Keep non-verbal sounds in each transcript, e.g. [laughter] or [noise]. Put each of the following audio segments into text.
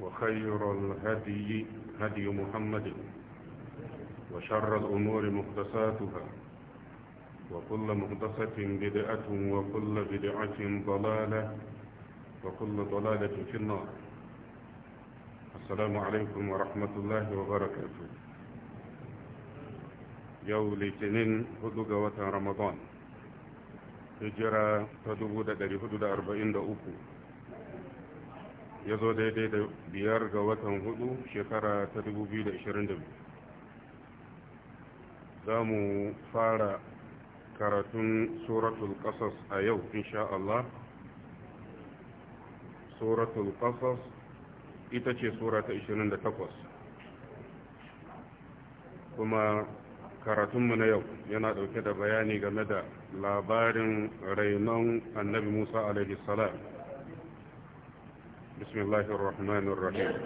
وخير الهدي هدي محمد وشر الأمور مقدساتها وكل مقدسة بدعة وكل بدعة ضلالة وكل ضلالة في النار السلام عليكم ورحمة الله وبركاته يوم الاثنين هدوء رمضان هجرة تدوب دا 443 ya zo daidai da biyar ga watan hudu shekara ta 2022 za mu fara karatun suratul kasas a yau insha Allah suratul kasas ita ce sura ta 28 kuma karatunmu na yau yana dauke da bayani game da labarin rainon annabi musa alaihi salam بسم الله الرحمن الرحيم بسم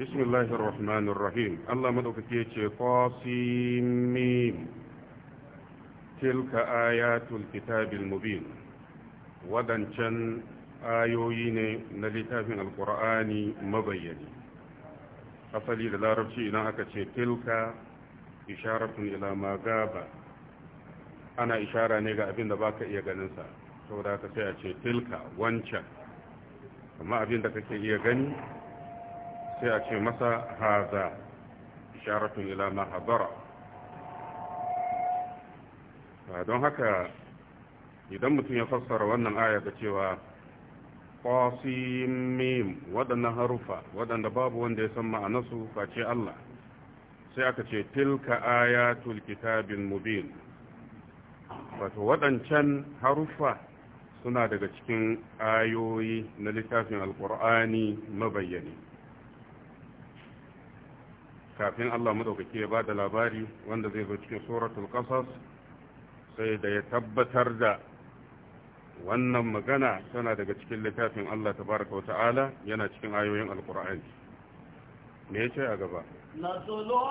الله الرحمن الرحيم بسم الله الرحمن الرحيم الله مدوكتي قاسمين تلك آيات الكتاب المبين wadancan ayoyi ne na littafin alkur'ani mabayyani asali da larabci idan aka ce tilka isharatun ila ma gaba ana ishara ne ga abin da baka iya ganinsa saboda aka sai a ce tilka wancan amma abin da kake iya gani sai a ce masa haza isharatun ila ma habara don haka idan mutum ya fassara wannan aya da cewa qasim mim waɗannan harufa waɗanda babu wanda ya san ma'anasu, face Allah sai aka ce tilka ayatul kitabin mubin wato waɗancan harufa suna daga cikin ayoyi na littafin alkur'ani mabayyani kafin Allah madaukake ya ba da labari wanda zai zo cikin suratul qasas sai da ya tabbatar da wannan magana tana daga cikin littafin Allah ta wa ta'ala yana cikin ayoyin alƙura'in ne ce a gaba na tolo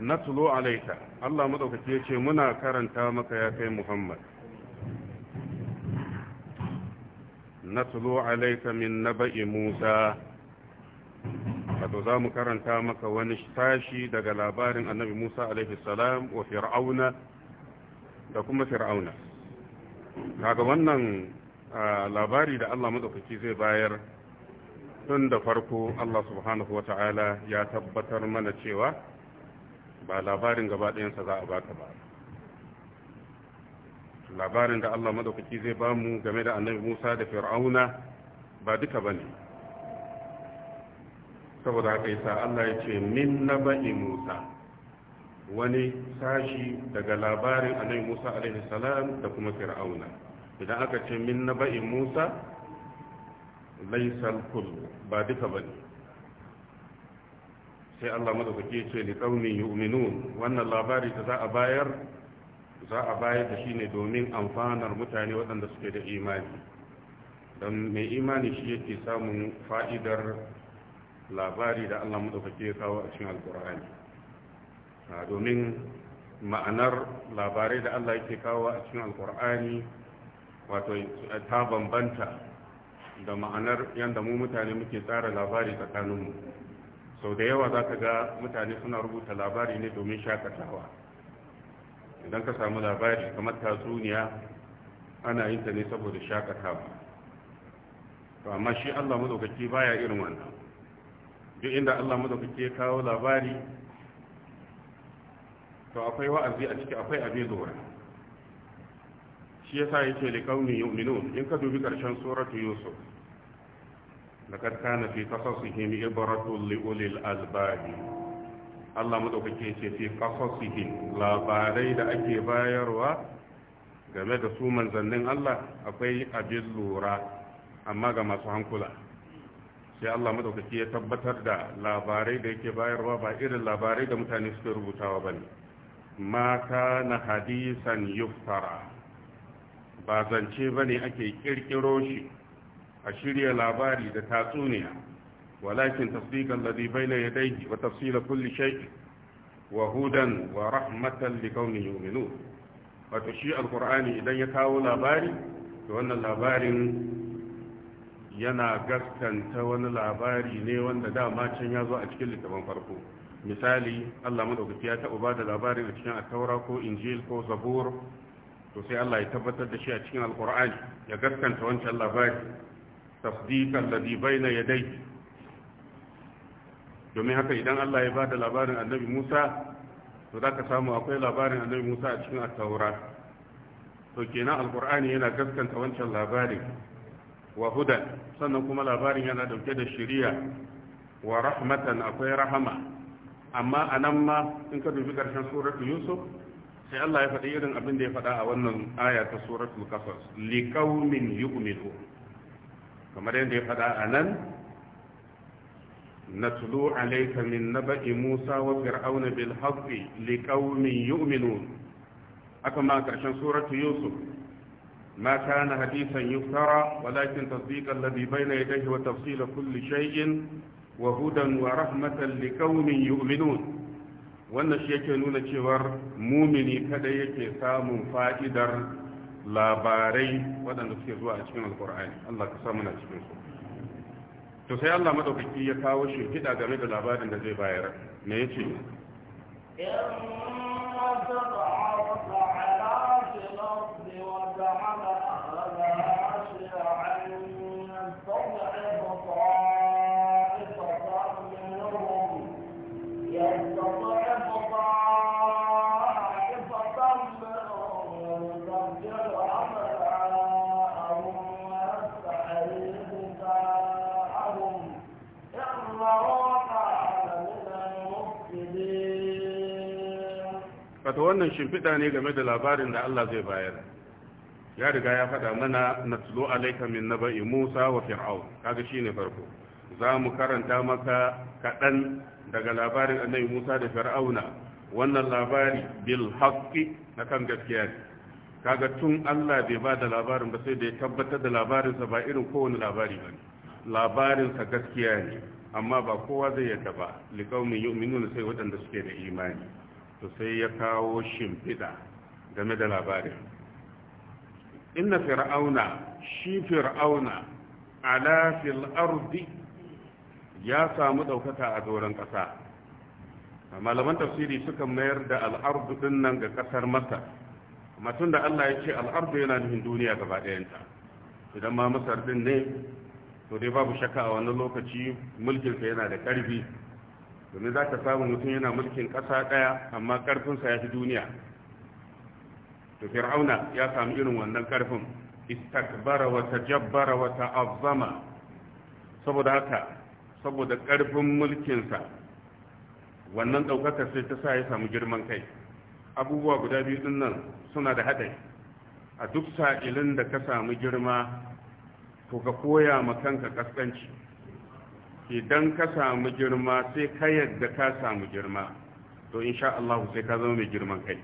natulo alaika Allah madaukake ce muna karanta maka ya kai Muhammad natulo alaika min naba'i Musa wato za mu karanta maka wani tashi daga labarin annabi musa alaihissalam wa fir'auna da kuma fir'auna daga wannan labari da allah maɗaukaki zai bayar tun da farko allah subhanahu wa ta'ala ya tabbatar mana cewa ba labarin gaba za a baka ba labarin da allah maɗaukaki zai bamu game da annabi musa da fir'auna ba duka ba ne saboda haka sa Allah ya ce min ba'i Musa wani sashi daga labarin Annabi Musa alaihi salam da kuma Fir'auna idan aka ce min ba'i Musa laysal kullu ba duka bane sai Allah madaukake ya ce li qaumin yu'minun wannan labari da za a bayar za a bayar da shi ne domin amfanar mutane waɗanda suke da imani don mai imani shi yake samun fa'idar labari da Allah madaukake ya kawo a cikin alkur'ani ah, domin ma'anar labarai da Allah yake kawo a cikin alkur'ani wato ta bambanta da ma'anar yadda mu mutane muke tsara labari tsakaninmu sau da yawa za ka ga mutane suna rubuta labari ne domin shakatawa idan ka samu labari kamar tatsuniya ana yin ta ne saboda shakatawa to amma shi Allah madaukaki baya irin wannan duk inda Allah madaukake ya kawo labari to akwai wa'azi a ciki akwai abin lura shi yasa yake li kauni yu'minun in ka dubi karshen suratu yusuf laqad kana fi qasasihim ibratu li ulil albab Allah madaukake ce fi qasasihim labarai da ake bayarwa game da su manzannin Allah akwai abin lura amma ga masu hankula sai Allah madaukaki ya tabbatar da labarai da yake bayarwa ba irin labarai da mutane suke rubutawa ba ne mata na hadisan yuftara ba zance ba ne ake kirkiro shi a shirya labari da tatsuniya walakin tasdiqan ladhi bayna yadayhi wa tafsila kulli shay wa hudan wa rahmatan liqaumin yu'minun wato shi alqur'ani idan ya kawo labari to wannan labarin yana gaskanta wani labari ne wanda dama can ya zo a cikin littafin farko misali Allah madaukaki ya taɓa ba da labarin a cikin ataura ko injil ko zabur to sai Allah ya tabbatar da shi a cikin alkur'ani ya gaskanta wancan labari tasdiqan ladhi bayna yadayhi domin haka idan Allah ya ba da labarin annabi Musa to za ka samu akwai labarin annabi Musa a cikin ataura to kenan alkur'ani yana gaskanta wancan labarin wa hudan sannan kuma labarin yana dauke da shiriya wa rahmatan akwai rahama amma a nan ma in ka dubi karshen suratu yusuf sai Allah ya faɗi irin abin da ya faɗa a wannan aya ta suratul qasas liqaumin yu'minu kamar yadda ya faɗa a nan natlu alayka min naba'i musa wa fir'auna bil haqqi liqaumin yu'minun aka ma karshen suratu yusuf ما كان حديثا يفترى ولكن تصديق الذي بين يديه وتفصيل كل شيء وهدى ورحمة لقوم يؤمنون wannan shi yake nuna cewar mumini kada yake samun fa'idar labarai waɗanda suke zuwa a cikin alkur'ani Allah ka samu na cikin su to sai Allah ya kawo shi hida game da labarin da zai bayar me yace in الأرض وجعل أخرجها wato wannan shimfiɗa ne game da labarin da Allah zai bayar ya riga ya faɗa mana natlu alaika min naba'i Musa wa fir'au kaga ne farko za mu karanta maka kaɗan daga labarin annabi Musa da Fir'auna wannan labari bil haƙƙi na kan gaskiya ne kaga tun Allah bai ba da labarin ba sai da ya tabbatar da labarinsa ba irin kowane labari ba ne labarinsa gaskiya ne amma ba kowa zai yadda ba liƙaumin yi sai waɗanda suke da imani to sai ya kawo shimfiɗa game da labarin inna fir'auna shi fir'auna ala fil ardi ya samu ɗaukaka a doron ƙasa malaman tafsiri suka mayar da al'ardu ɗin nan ga ƙasar masar matun da allah ya ce al'ardu yana nufin duniya gaba ɗayanta idan ma masar ɗin ne to dai babu shakka a wani lokaci mulkinsa yana da ƙarfi domin za ka samu mutum yana mulkin ƙasa ɗaya amma ƙarfinsa ya fi duniya to fir'auna ya samu irin wannan ƙarfin istakbara wata jabbara wata azama saboda haka saboda ƙarfin mulkinsa wannan ɗaukakar sai ta sa ya samu girman kai abubuwa guda biyu ɗin nan suna da haɗari a duk sa'ilin da ka samu girma to ka koya ma kanka ƙasƙanci. idan ka samu girma sai ka yadda ka samu girma to insha Allah sai ka zama mai girman kai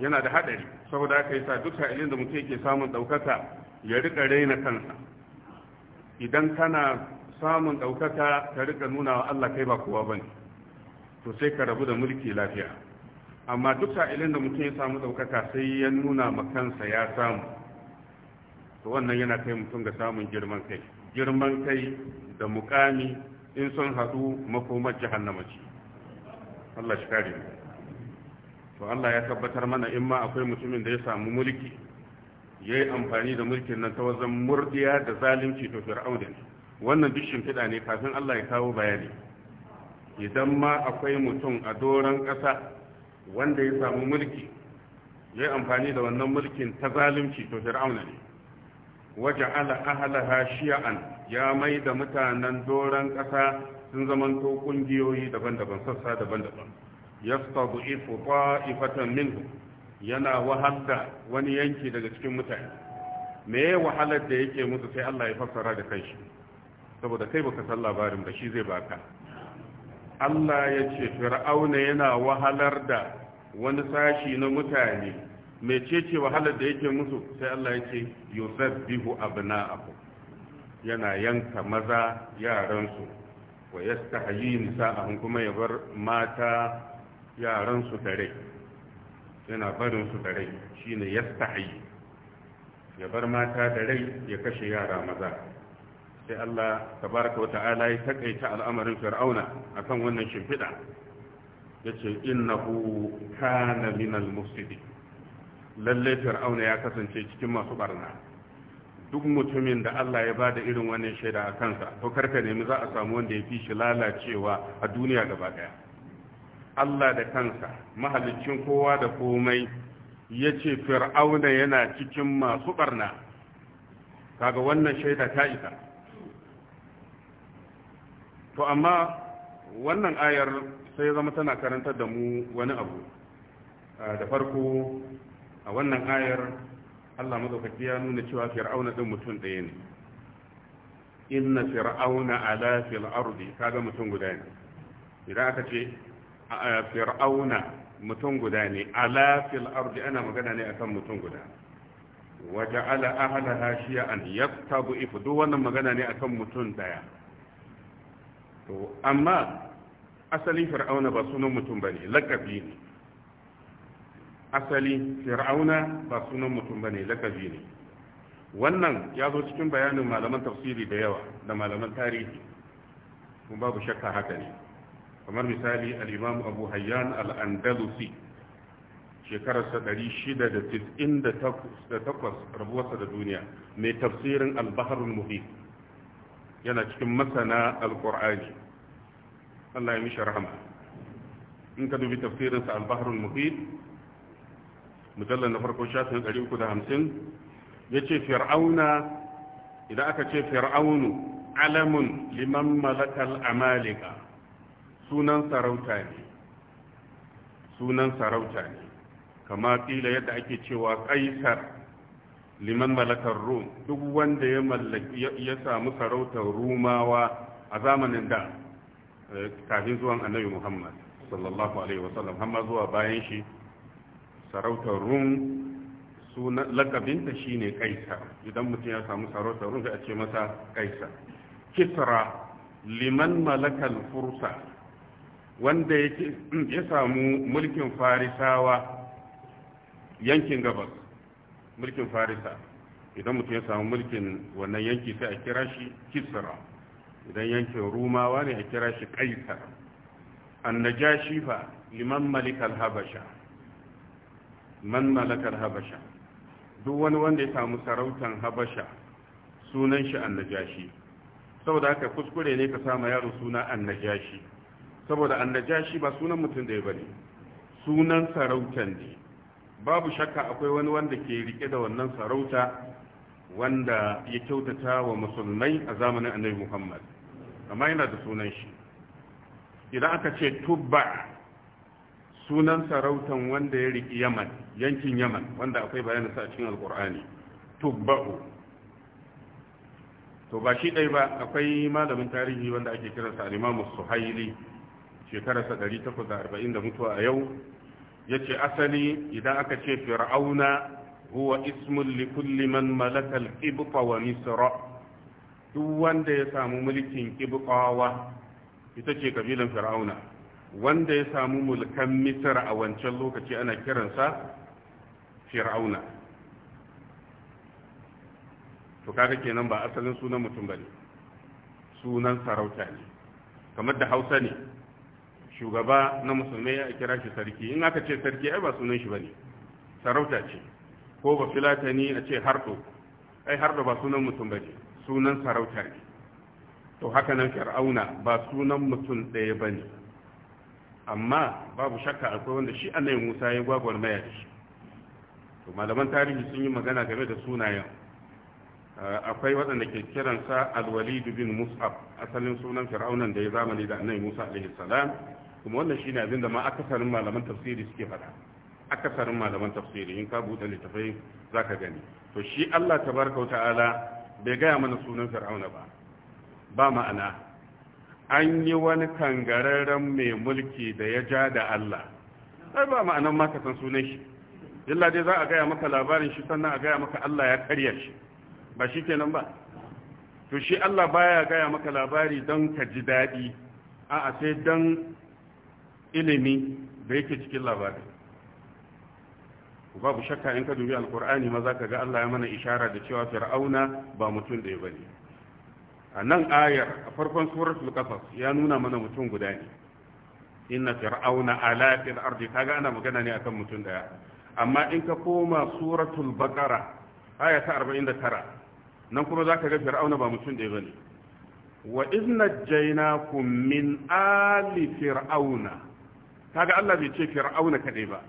yana da hadari saboda haka yasa duk sa'ilin da mutum yake samun daukaka ya rika raina kansa idan kana samun daukaka ka rika nuna wa Allah kai ba kowa bane to sai ka rabu da mulki lafiya amma duk sa'ilin da mutum ya samu daukaka sai ya nuna ma kansa ya samu to wannan yana kai mutum ga samun girman kai girman kai da mukami in sun haɗu makomar jahannama ce Allah shi kare mu to Allah ya tabbatar mana in ma akwai mutumin da ya samu mulki yayi amfani da mulkin nan ta wajen murdiya da zalunci to fir'auna ne wannan duk shimfiɗa ne kafin Allah ya kawo bayani idan ma akwai mutum a doron ƙasa wanda ya samu mulki yayi amfani da wannan mulkin ta zalunci to fir'auna ne waje ala ahalaha shi'an ya mai da mutanen doron ƙasa sun zamanto ƙungiyoyi daban-daban sassa daban-daban ya stabu ifu ta'ifatan minhu yana wahalda wani yanki daga cikin mutane me ya wahalar da yake musu sai Allah ya fassara da kanshi saboda kai baka san labarin ba shi zai baka Allah ya ce fir'auna yana wahalar da wani sashi na mutane mecece wahalar da yake musu sai Allah yake yusabbihu abna'ahu yana yanka maza yaransu wa yastahyi nisa'ahum kuma ya bar mata yaransu dare yana barin su dare shine yastahyi ya bar mata dare ya kashe yara maza sai Allah tabaraka wa ta'ala ya takaita al'amarin fir'auna akan wannan shimfiɗa yace innahu kana minal mufsidin Lallai fir'auna ya kasance cikin masu barna duk mutumin da Allah ya bada irin wannan shaida a kansa to karka nemi za a samu wanda ya fi shi lalacewa a duniya gaba daya Allah da kansa mahalicin kowa da komai ya ce fir'auna yana cikin masu barna kaga wannan shaida ta isa to amma wannan ayar sai ya zama tana karantar da mu wani abu ah, da farko a wannan ayar Allah madaukaki ya nuna cewa fir'auna din mutum ɗaya ne inna fir'auna ala fil ardi kaga mutum guda ne idan aka ce fir'auna mutum guda ne ala fil ardi ana magana ne akan mutum guda Waje waja'ala ahlaha shi'an yaktabu if duk wannan magana ne akan mutum ɗaya. to amma asalin fir'auna ba sunan mutum bane lakabi ne asali fir'auna ba sunan mutum bane lakabi ne wannan ya zo cikin bayanin malaman tafsiri da yawa da malaman tarihi kuma babu shakka haka ne kamar misali al-imam abu hayyan al-andalusi shekararsa 698 rabuwarsa da duniya mai tafsirin al-baharul muhit yana cikin masana al-qur'ani Allah ya mishi rahama in ka dubi tafsirinsa al-baharul muhit mujallar na farko shafin 350 ya ce fir'auna idan aka ce fir'aunu alamun liman malakal amalika sunan sarauta ne sunan sarauta ne kama kila yadda ake cewa kaisar liman malakar rum duk wanda ya mallaki ya samu sarautar rumawa a zamanin da eh, kafin zuwan annabi muhammad sallallahu alaihi wasallam har ma zuwa bayan shi sarautar rum sunan lakabinta shine kaisar idan mutum ya samu sarautar rum sai a ce masa kaisar kisra liman malakal fursa wanda ya samu mulkin farisawa yankin gabas mulkin farisa idan mutum ya samu mulkin wannan yanki sai a kira shi kisra idan yankin rumawa ne a kira shi kaisar annajashi fa liman malikal habasha man malakar habasha duk wani wanda ya samu sarautan habasha sunan shi annajashi saboda haka kuskure ne ka sama yaro suna annajashi saboda annajashi ba sunan mutum da ya bane sunan sarautan ne babu shakka akwai wani wanda ke rike da wannan sarauta wanda ya kyautata wa musulmai a zamanin annabi muhammad amma yana da sunan shi idan aka ce tubba sunan sarautan wanda ya riki yaman yankin yaman wanda akwai bayanin sa cikin alkur'ani tubba'u to ba shi ɗai ba akwai malamin tarihi wanda ake kiransa alimamu suhaili shekararsa 840 da mutuwa a yau ya ce asali idan aka ce fir'auna huwa ismun li kulli man malaka al wa misra duk wanda ya samu mulkin qibqawa ita ce kabilan fir'auna wanda ya samu mulkan misir a wancan lokaci ana kiransa fir'auna to kaga kenan ba asalin sunan mutum bane sunan sarauta ne kamar da hausa ne shugaba na musulmai ya kira shi sarki in aka ce sarki ai ba sunan shi bane sarauta ce ko ba filata ne a ce hardo ai hardo ba sunan mutum bane sunan sarauta ne to haka nan fir'auna ba sunan mutum ɗaya bane amma babu shakka akwai wanda shi annabi Musa ya gwagwar maya da shi to malaman tarihi sun yi magana game da sunayen uh, akwai waɗanda ke kiransa al-walid bin mus'ab asalin sunan fir'aunan da ya zamani da annabi Musa alaihi salam kuma wannan ne abin da ma akasarin malaman tafsiri suke faɗa akasarin malaman tafsiri in ka buɗe littafai zaka gani to shi Allah tabaraka wa ta'ala bai gaya mana sunan fir'auna ba ba ma'ana an yi wani kangararren mai mulki da ya ja da Allah Sai ba ma'anan maka san sunan shi illa dai za a gaya maka labarin shi sannan a gaya maka Allah ya karya shi ba shi kenan ba to shi Allah baya gaya maka labari don ka ji daɗi a'a sai don ilimi da yake cikin labarin babu shakka in ka dubi alkur'ani ma za ka ga Allah ya mana ishara da cewa fir'auna ba mutum ɗaya ba ne a nan ayar a farkon suratul qasas ya nuna mana mutum guda ne inna fir'auna ala fil ardi kaga ana magana ne akan mutum daya amma in ka koma suratul baqara aya ta 49 nan kuma zaka ga fir'auna ba mutum daya bane wa jaina najjaynakum min ali fir'auna kaga Allah bai ce fir'auna kadai ba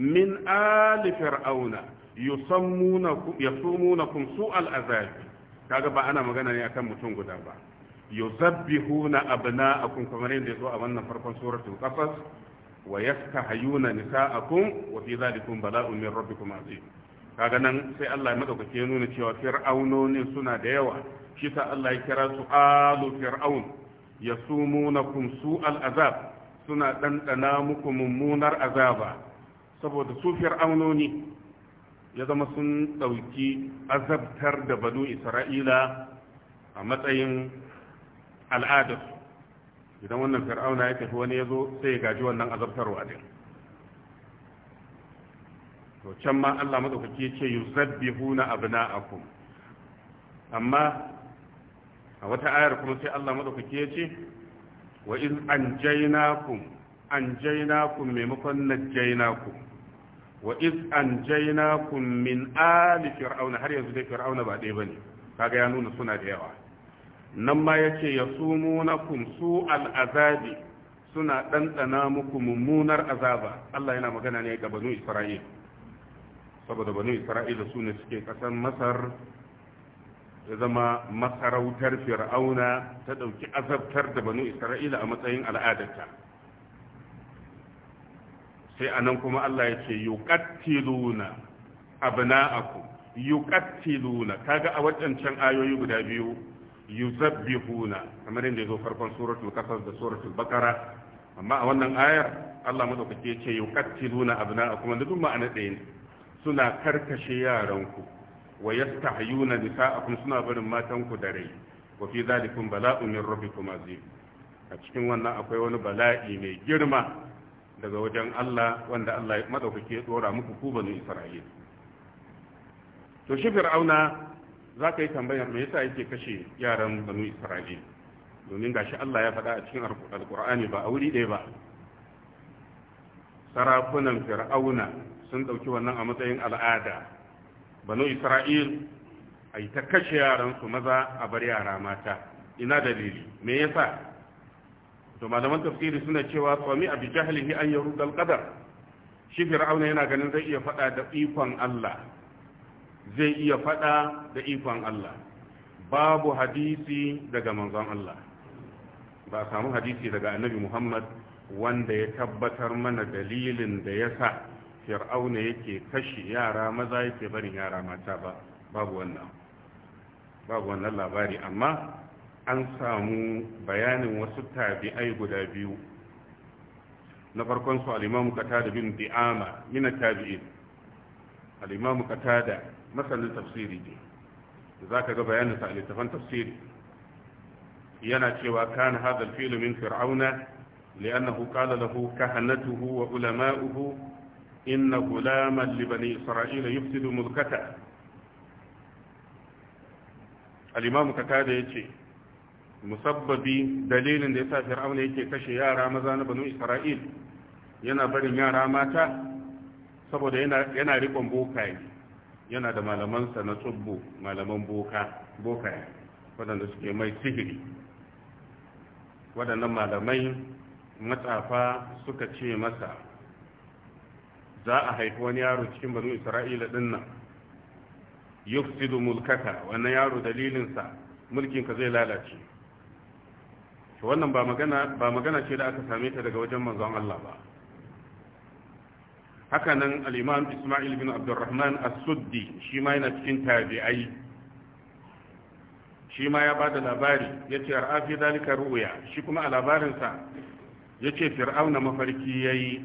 min ali fir'auna yusammunakum yasumunakum su'al azabi kaga ba ana magana ne akan mutum guda ba yuzabbihuna abna'akum kamar yadda yazo a wannan farkon suratul qasas wa yaskahayuna nisa'akum wa fi dhalikum bala'un min rabbikum azim kaga nan sai Allah ya madaukake ya nuna cewa fir'aunoni suna da yawa shi ta Allah ya kira su alu fir'aun yasumunakum su'al azab suna dandana muku mummunar azaba saboda su fir'aunoni ya zama sun ɗauki azabtar da banu isra'ila a matsayin al'adar idan wannan fir'auna ya tafi wani ya zo sai ya gaji wannan azabtarwa din to can ma allah maɗaukaki ya ce yuzabbihuna abna'akum amma a wata ayar kuma sai allah maɗaukaki ya ce wa an anjaynakum anjaynakum maimakon najjaynakum wa iz anjaynakum min ali fir'auna har yanzu dai fir'auna ba ɗaya bane kaga ya nuna suna da yawa nan ma yace yasumunakum su'al azabi suna ɗanɗana muku mummunar azaba Allah yana magana ne ga banu Isra'il saboda banu Isra'ila su ne suke Masar ya zama masarautar Fir'auna ta ɗauki azabtar da banu Isra'ila a matsayin al'adarta sai anan kuma Allah ya ce yuqattiluna abna'akum yuqattiluna kaga a waɗancan ayoyi guda biyu yuzabbihuna kamar yadda zo farkon suratul kasas da suratul bakara amma a wannan ayar Allah madaukake ya ce yuqattiluna abna'akum da duk ma'ana ɗaya ne suna karkashe yaranku wa yastahyuna nisa'akum suna barin matanku da rai wa fi zalikum bala'un min rabbikum azim a cikin wannan akwai wani bala'i mai girma daga wajen Allah wanda Allah madaukake ya dora muku ku bani Isra'il to shi fir'auna za ka yi tambayar me yasa yake kashe yaran banu Isra'il domin gashi Allah ya faɗa a cikin alkur'ani ba a wuri ɗaya ba sarakunan fir'auna sun ɗauki wannan a matsayin al'ada banu Isra'il a yi ta kashe su maza a bar yara mata ina dalili me yasa to malaman tafsiri suna cewa tsami a bijahlihi an yarud al-qadar shi fir'auna yana ganin zai iya fada da ikon Allah zai iya fada da ikon Allah babu hadisi daga manzon Allah ba samu hadisi daga annabi Muhammad wanda ya tabbatar mana dalilin da yasa fir'auna yake kashi yara maza yake barin yara mata ba babu wannan babu wannan labari amma an samu bayanin wasu tabi'ai guda biyu na farkon su Alimamu imam qatada bin di'ama min at-tabi'in Alimamu imam qatada masanin tafsiri ne za ka ga bayanin sa al-tafan tafsiri yana cewa kana hadha al-fi'lu fir'auna li'annahu qala lahu kahanatuhu wa ulama'uhu inna gulaman li bani isra'ila yufsidu mulkata al-imam qatada yace musabbabi dalilin da ya sa fir'auna yake kashe yara maza na banu isra'il yana barin yara mata saboda yana rikon bokaye yana da malamansa na tsubbo malaman bokaye waɗanda suke mai sihiri waɗannan malamai matsafa suka ce masa za a haifi wani yaro cikin banu isra'ila nan. yufsidu mulkaka wannan yaro dalilinsa mulkinka zai lalace to wannan ba magana ce da aka same ta daga wajen manzon Allah ba haka nan al Isma'il bin Abdurrahman As-Suddi shi ma yana cikin tabi'ai shi ma ya da labari yace ar'afi zalika ru'ya shi kuma a labarin sa yace fir'auna mafarki yayi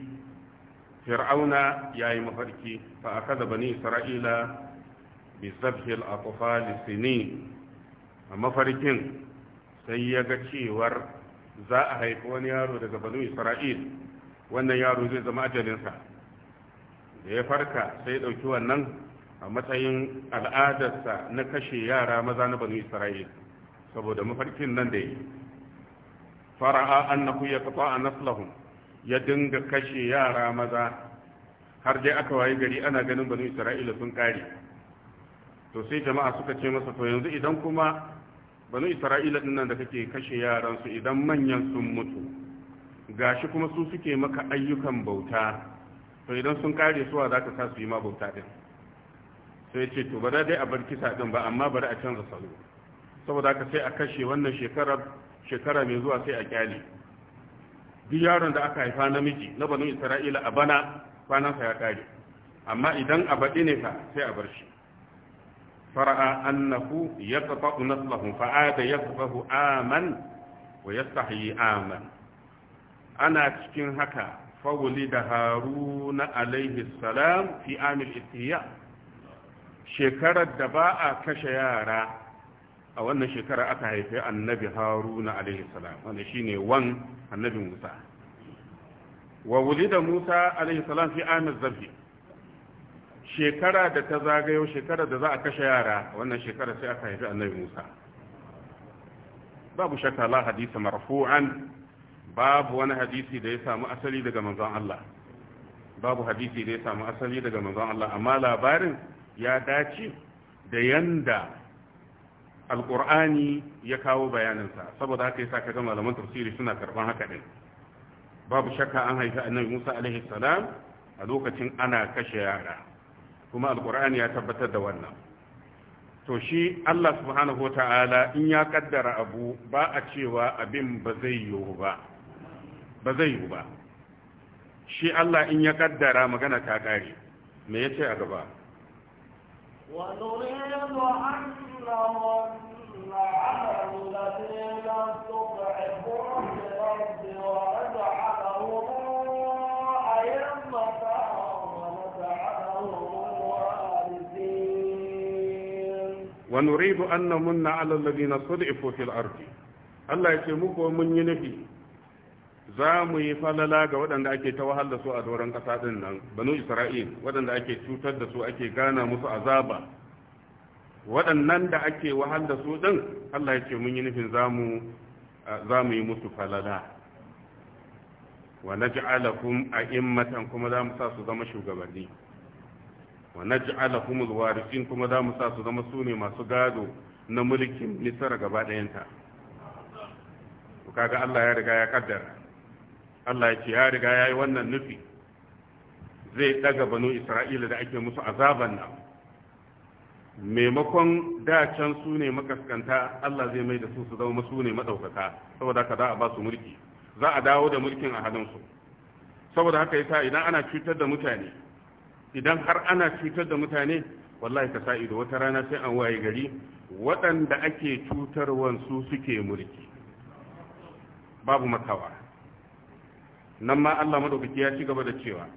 fir'auna yayi mafarki fa akaza bani isra'ila bi zabhi al-atfal sinin a mafarkin sai ya ga cewar za a haifi wani yaro daga banu isra'il wannan yaro zai zama ajalinsa da ya farka sai ya ɗauki wannan a matsayin al'adarsa na kashe yara maza na banu isra'il saboda mafarkin nan da yi fara'a annahu ya kafa a naslahum ya dinga kashe yara maza har dai aka waye gari ana ganin banu isra'ila sun kare to sai jama'a suka ce masa to yanzu idan kuma banu isra'ila din nan da kake kashe yaran su idan manyan sun mutu gashi kuma su suke maka ayyukan bauta to idan sun kare suwa zaka sa su yi ma bauta din sai ce to ba dai a bar kisa din ba amma bari a canza salo saboda ka sai a kashe wannan shekarar shekara mai zuwa sai a kyale duk yaron da aka haifa namiji na banu isra'ila a bana kwanansa ya kare amma idan a baɗi ne ka sai a bar shi fara'a annahu yaqta'u naslahu fa'ada yaqbahu aman wa yastahyi aman ana cikin haka fawuli da haruna alaihi salam fi amil istiya shekarar da ba a kashe yara a wannan shekara aka haifi annabi haruna alaihi salam wanda shine wan annabi musa wa wulida fi shekara da ta zagayo shekara da za a kashe yara wannan shekara sai aka haifi annabi musa babu shakka la hadisi marfu'an babu wani hadisi da ya samu asali daga manzon Allah babu hadisi da ya samu asali daga manzon Allah amma labarin ya dace da yanda alqur'ani ya kawo bayaninsa saboda haka yasa kaga malaman tafsiri suna karban haka din babu shakka an haifi annabi Musa alaihi salam a lokacin ana kashe yara kuma alkur'ani ya tabbatar da wannan to shi Allah subhanahu wata'ala in ya kaddara abu ba a cewa abin ba zai yiwu ba ba zai yiwu ba shi Allah in ya kaddara magana ta kare me yace a gaba wa nuridu annahu على الذين استضعفوا في الأرض وأجعل wa nuridu an namunna ala alladhina sud'ifu fil ardi Allah ya ce muku mun yi nufi za mu yi falala ga waɗanda ake ta wahal da su a doron ƙasa ɗin nan banu isra'il waɗanda ake cutar da su ake gana musu azaba waɗannan da ake wahal da su ɗin allah ya ce mun yi nufin za mu yi musu falala wa na ja'alakum kuma za mu sa su zama shugabanni wa naj'alahum alwarithin kuma za mu sa su zama su masu gado na mulkin misar gaba ɗayanta to kaga Allah ya riga ya kaddara Allah ya ce ya riga ya yi wannan nufi zai daga banu Isra'ila da ake musu azaban nan maimakon da can su ne makaskanta Allah zai mai da su su zama su ne madaukaka saboda ka za a ba su mulki za a dawo da mulkin a hannunsu saboda haka yasa idan ana cutar da mutane idan har ana cutar da mutane wallahi ka sa ido wata rana sai an waye gari waɗanda ake cutarwansu suke mulki babu makawa nan ma Allah madaukaki ya ci gaba da cewa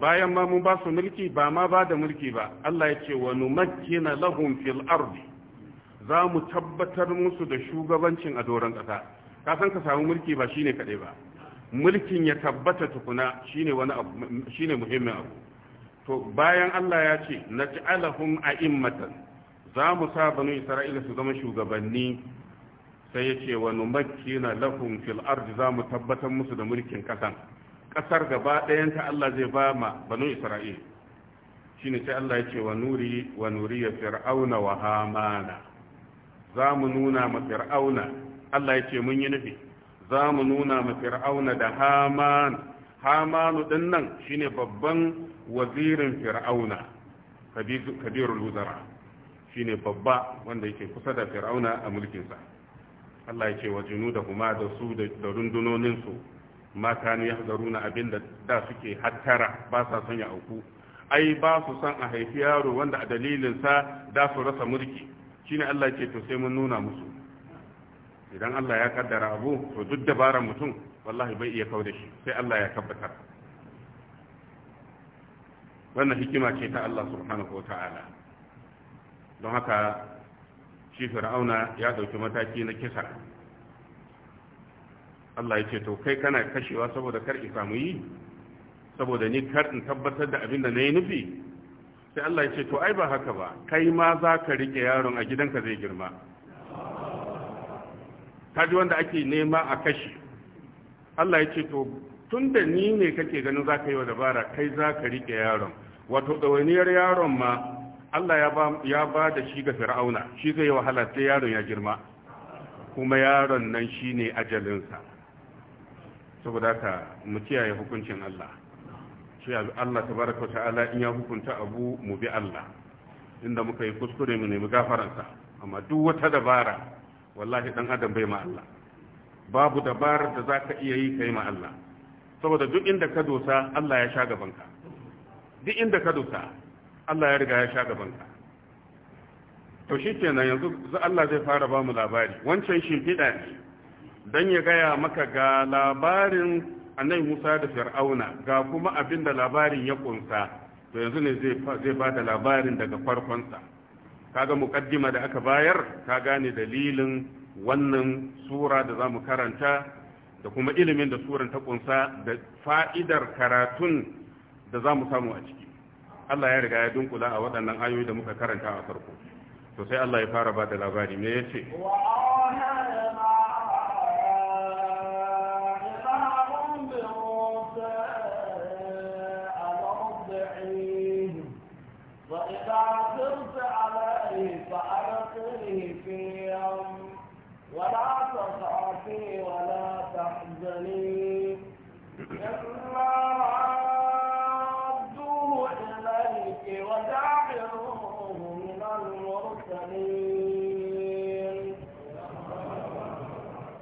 bayan ma mun ba su mulki ba ma ba da mulki ba Allah ya ce wa numakkina lahum fil ardi za mu tabbatar musu da shugabancin a doron ƙasa ka san ka samu mulki ba shine kaɗai ba mulkin ya tabbata tukuna shine wani abu shine muhimmin abu to bayan Allah ya ce naj'alahum a'immatan za mu sa banu isra'ila su zama shugabanni sai ya ce wa numakkina lahum fil ardi za mu tabbatar musu da mulkin ƙasan ƙasar gaba ɗayanta Allah zai ba ma banu Isra'il shine sai Allah ya ce wa nuri wa nuri ya fir'auna wa hamana za mu nuna ma fir'auna Allah ya ce mun yi nufi za mu nuna ma fir'auna da haman hamanu din nan shine babban wazirin fir'auna Kabiru Luzara. wuzara shine babba wanda yake kusa da fir'auna a mulkinsa Allah ya ce wa da kuma da su da rundunoninsu ma kanu na abinda da suke hattara ba sa son ya auku ai ba su son a haifi yaro wanda a dalilinsa da su rasa mulki shine Allah ce to sai mun nuna musu idan Allah ya kaddara abu to duk dabarar mutum wallahi bai iya kauda shi sai Allah ya tabbatar wannan hikima ce ta Allah subhanahu wata'ala don haka shi fir'auna ya dauki mataki na kisa Allah ya ce to kai kana kashewa saboda kar ki samu yi saboda ni kar in tabbatar da abin da na yi nufi sai Allah ya ce to ai ba haka ba kai ma za ka rike yaron a gidanka zai girma kaji wanda ake nema a kashe Allah ya ce to tun da ni ne kake ganin za ka yi wa dabara kai za ka rike yaron wato ɗawainiyar yaron ma Allah ya ba da shi ga fir'auna shi zai wahala sai yaron ya girma kuma yaron nan shine ajalinsa saboda haka mu kiyaye hukuncin Allah shi Allah tabaraka wa ta'ala in ya hukunta abu mu bi Allah inda muka yi kuskure mu nemi gafaransa amma duk wata dabara wallahi dan adam bai ma Allah babu dabarar da zaka iya yi kai ma Allah saboda duk inda ka dosa Allah ya sha gaban ka. duk inda ka dosa Allah ya riga ya sha gaban ka. to shikenan yanzu Allah zai fara ba mu labari wancan shimfiɗa ne don ya gaya maka ga labarin annabi Musa da Fir'auna ga kuma abin da labarin ya kunsa to yanzu ne zai ba da labarin daga farkonsa kaga muqaddima da aka bayar ka gane dalilin wannan sura da zamu karanta da kuma ilimin da suran ta kunsa da fa'idar karatun da zamu samu a ciki Allah ya riga ya dunkula a waɗannan ayoyi da muka karanta a farko to sai Allah ya fara ba da labari me ce.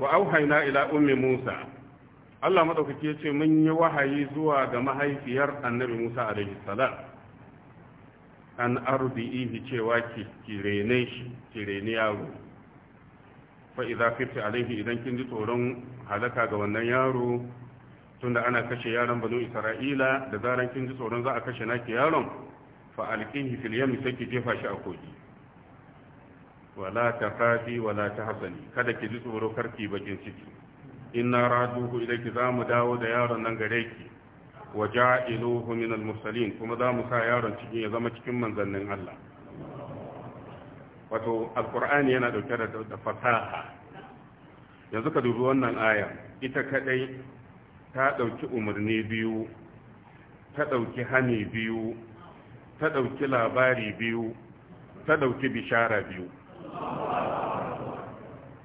wa auhayna ila ummi Musa Allah madaukake yace mun yi wahayi zuwa ga mahaifiyar Annabi Musa alaihi salam an ardihi cewa ki kirene shi kirene yaro fa idza khifti alaihi idan kin ji tsoron halaka ga wannan yaro tunda ana kashe yaron banu Isra'ila da zaran kin ji tsoron za a kashe naki yaron fa alqihi fil yami sai ki jefa shi a kogi wala ta takhafi wala ta Hassani, kada ki ji tsoro karki bakin ciki inna raduhu ilayki zamu dawo da yaron nan gare ki wa ja'iluhu min al-mursalin kuma zamu sa yaron cikin ya zama cikin manzannin Allah wato alqur'ani yana dauke da fasaha yanzu ka dubi wannan aya ita kadai ta dauki umarni biyu ta dauki hani biyu ta dauki labari biyu ta dauki bishara biyu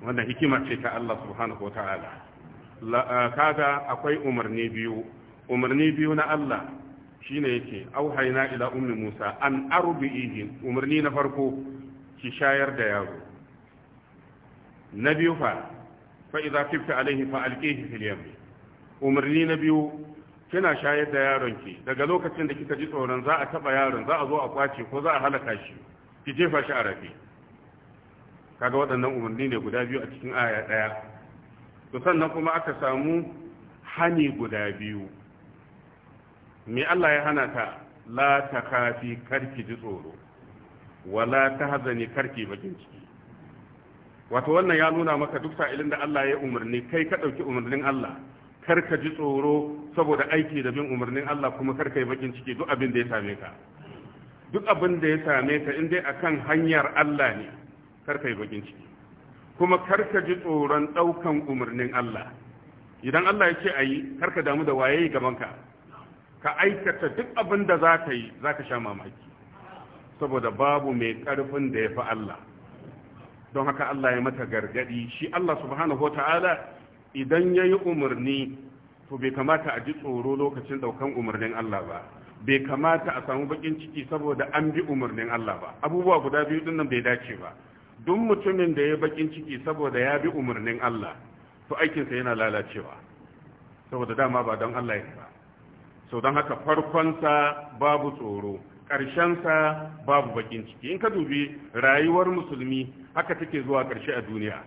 wanda hikima ce ta Allah subhanahu wa ta'ala eh, kaga akwai umarni biyu umarni biyu na Allah shine yake auhayna ila ummi Musa an arbi'ihi umarni na farko ki shayar da yaro na biyu fa fa idza alaihi fa alqihi fil umarni na biyu kina shayar da yaron ki daga lokacin da kika ji tsoron za a taba yaron za a zo a kwace ko za a halaka shi ki jefa shi a rafi kaga waɗannan umarni ne guda biyu a cikin aya ɗaya to sannan kuma aka samu hani guda biyu me Allah ya hana ta la ta kafi karki ji tsoro wala ta hazani karki bakin ciki wato wannan ya nuna maka duk sa'ilin da Allah ya umarni kai ka ɗauki umarnin Allah kar ka ji tsoro saboda aiki da bin umarnin Allah kuma kar ka yi bakin ciki duk abin da ya same ka duk abin da ya same ka in dai akan hanyar Allah ne kar ka yi bakin ciki kuma kar ji tsoron ɗaukan umarnin Allah idan Allah ya ce a yi kar damu da waye gabanka ka aikata duk abin da za ka yi za ka sha mamaki saboda babu mai ƙarfin da ya fi Allah don haka Allah ya mata gargaɗi shi Allah subhanahu wa ta'ala idan ya yi umarni to bai kamata a ji tsoro lokacin ɗaukan umarnin Allah ba bai kamata a samu bakin ciki saboda an bi umarnin Allah ba abubuwa guda biyu din nan bai dace ba duk mutumin da ya bakin ciki saboda ya bi umarnin Allah to aikinsa yana lalacewa saboda dama ba don Allah ya ba so don haka farkonsa babu tsoro sa babu bakin ciki in ka dubi rayuwar musulmi haka take zuwa ƙarshe a duniya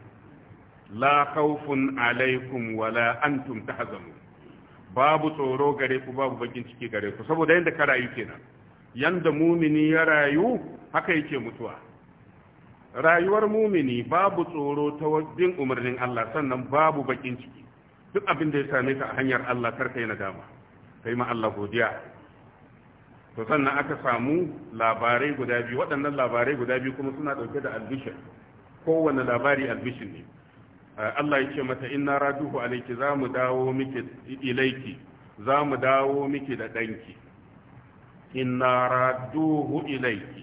la khawfun alaikum wala antum tahzanu babu tsoro gare ku babu bakin ciki gare ku saboda yanda ka rayu kenan yanda mumini ya rayu haka yake mutuwa rayuwar mumini babu tsoro ta wajen umarnin Allah sannan babu bakin ciki duk abin da ya same ka a hanyar Allah karka na dama kai ma Allah godiya to sannan aka samu labarai guda biyu waɗannan labarai guda biyu kuma suna ɗauke da albishin, kowane labari albishin ne eh, Allah ya ce mata inna raduhu alayki za mu dawo miki ilaiki za mu dawo miki da ɗanki inna raduhu ilaiki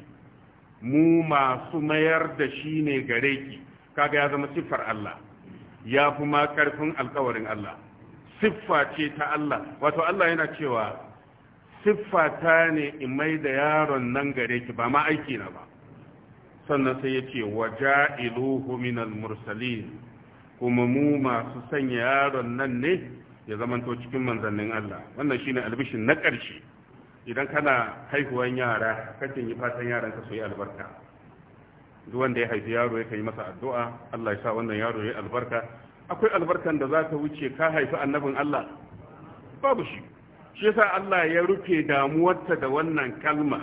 mu masu mayar da shi ne gare ki kaga ya zama siffar Allah ya fi ma karfin alkawarin Allah siffa ce ta Allah wato Allah yana cewa siffa ta ne in mai da yaron nan gare ki ba ma aiki na ba sannan sai ya ce wa ja'iluhu minal mursalin kuma mu masu sanya yaron nan ne ya zamanto cikin manzannin Allah wannan shine albishin na ƙarshe idan kana haihuwan yara kakin yi fatan yaran ka su yi albarka duk wanda ya haifi yaro ya kai masa addu'a Allah ya sa wannan yaro ya albarka akwai albarkan da za ta wuce ka haifi annabin Allah babu shi shi yasa Allah ya rufe damuwarta da wannan kalma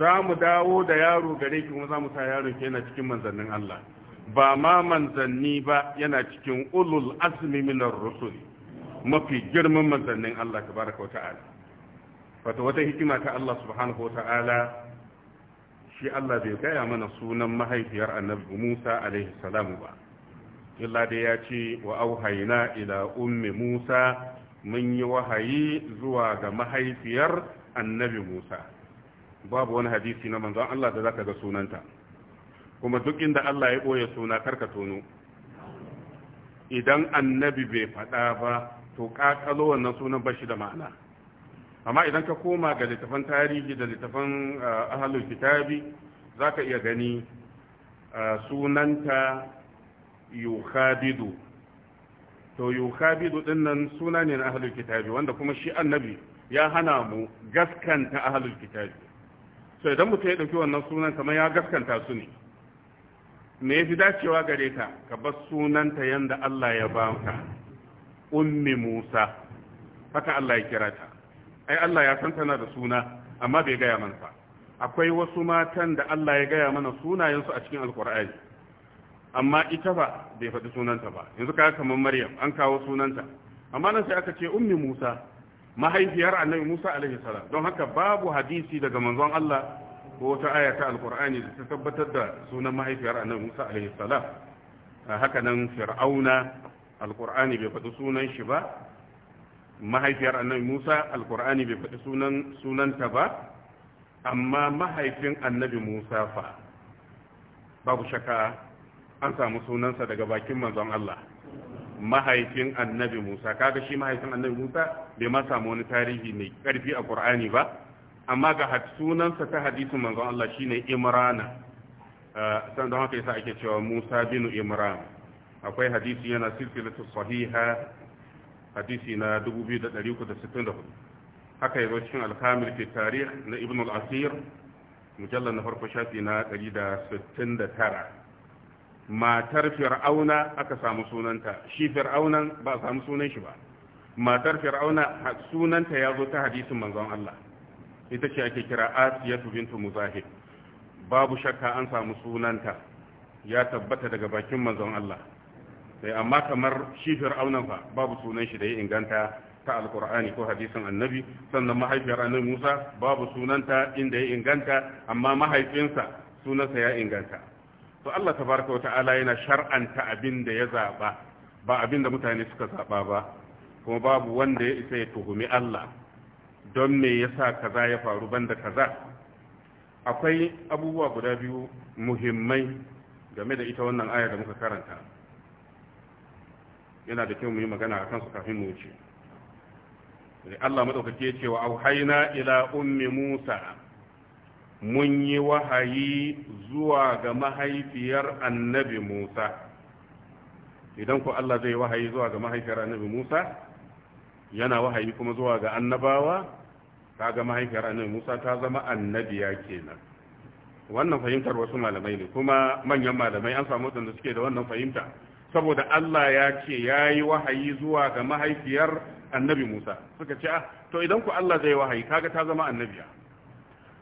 za mu dawo da yaro gare ki kuma za mu sa yaron ki yana cikin manzannin Allah ba ma manzanni ba yana cikin ulul azmi minar rusul mafi girman manzannin Allah tabaraka wa ta'ala Bata wata hikima ta Allah subhanahu wa ta'ala shi Allah bai gaya mana sunan mahaifiyar annabi Musa alaihi salamu ba illa dai ya ce wa auhaina ila umme Musa mun yi wahayi zuwa ga mahaifiyar annabi Musa babu wani hadisi na manzon Allah da zaka ga sunanta kuma duk inda Allah ya boye suna karka tono idan annabi bai faɗa ba to ƙaƙalo wannan sunan shi da ma'ana amma idan ka koma ga littafan tarihi da littafan eh, ahalul kitabi za ka iya gani eh, sunanta yukhabidu to yukhabidu din nan suna ne na ahalul kitabi wanda kuma shi annabi ya hana mu gaskanta ahalul kitabi so idan mutum ya ɗauki wannan sunan kamar ya gaskanta su ne me ya fi dacewa gare ka ka bar sunanta yanda Allah ya ba ka ummi Musa haka Allah ya kira ta ai Allah ya san tana da suna amma bai gaya mana ba akwai wasu matan da Allah ya gaya mana sunayensu a cikin alkur'ani amma ita ba bai faɗi sunanta ba yanzu ka kamar maryam an kawo sunanta amma nan sai aka ce ummi musa mahaifiyar annabi musa alaihi salam don haka babu hadisi daga manzon Allah ko wata aya ta alkur'ani da ta tabbatar da sunan mahaifiyar annabi musa alaihi salam haka nan fir'auna alkur'ani bai faɗi sunan shi ba mahaifiyar annabi musa alkur'ani bai faɗi sunan sunanta ba amma mahaifin annabi musa fa babu shaka an samu sunansa daga bakin manzon Allah mahaifin annabi musa kaga shi mahaifin annabi musa bai ma samu wani tarihi mai karfi a qur'ani ba amma ga sunansa ta hadisin manzon Allah shine imrana san eh, don haka yasa ake cewa musa bin imran akwai hadisi yana silsilatu sahiha hadisi na 2364 haka yazo cikin al fi na ibn al-asir mujallar na farko shafi na 169 matar fir'auna aka samu sunanta shi fir'aunan ba a samu sunan shi ba matar fir'auna sunanta ya zo ta hadisin manzon Allah ita ce ake kira asiyatu bintu muzahid babu shakka an samu sunanta ya tabbata daga bakin manzon Allah sai eh, amma kamar shi fir'aunan fa babu sunan shi da ya inganta ta alkur'ani ko hadisin annabi sannan mahaifiyar annabi Musa babu sunanta inda ya inganta amma mahaifinsa sunansa ya inganta to Allah tabaraka wa ta'ala yana shar'anta abin da ya zaba ba abinda mutane suka zaɓa ba kuma babu wanda ya isa ya tuhumi Allah don me yasa kaza ya faru banda kaza akwai abubuwa guda biyu muhimmai game da ita wannan aya da muka karanta yana da kyau mu yi magana a kansu kafin mu wuce Allah madaukake ya ce wa auhayna ila ummi Musa mun yi wahayi zuwa ga mahaifiyar annabi Musa idan ku Allah zai wahayi zuwa ga mahaifiyar annabi Musa yana wahayi kuma zuwa ga annabawa kaga mahaifiyar annabi Musa ta zama annabiya kenan wannan fahimtar wasu malamai ne kuma manyan malamai an samu da suke da wannan fahimta saboda Allah ya ce ya yi wahayi zuwa ga mahaifiyar annabi Musa suka ce ah to idan ku Allah zai wahayi kaga ta zama annabiya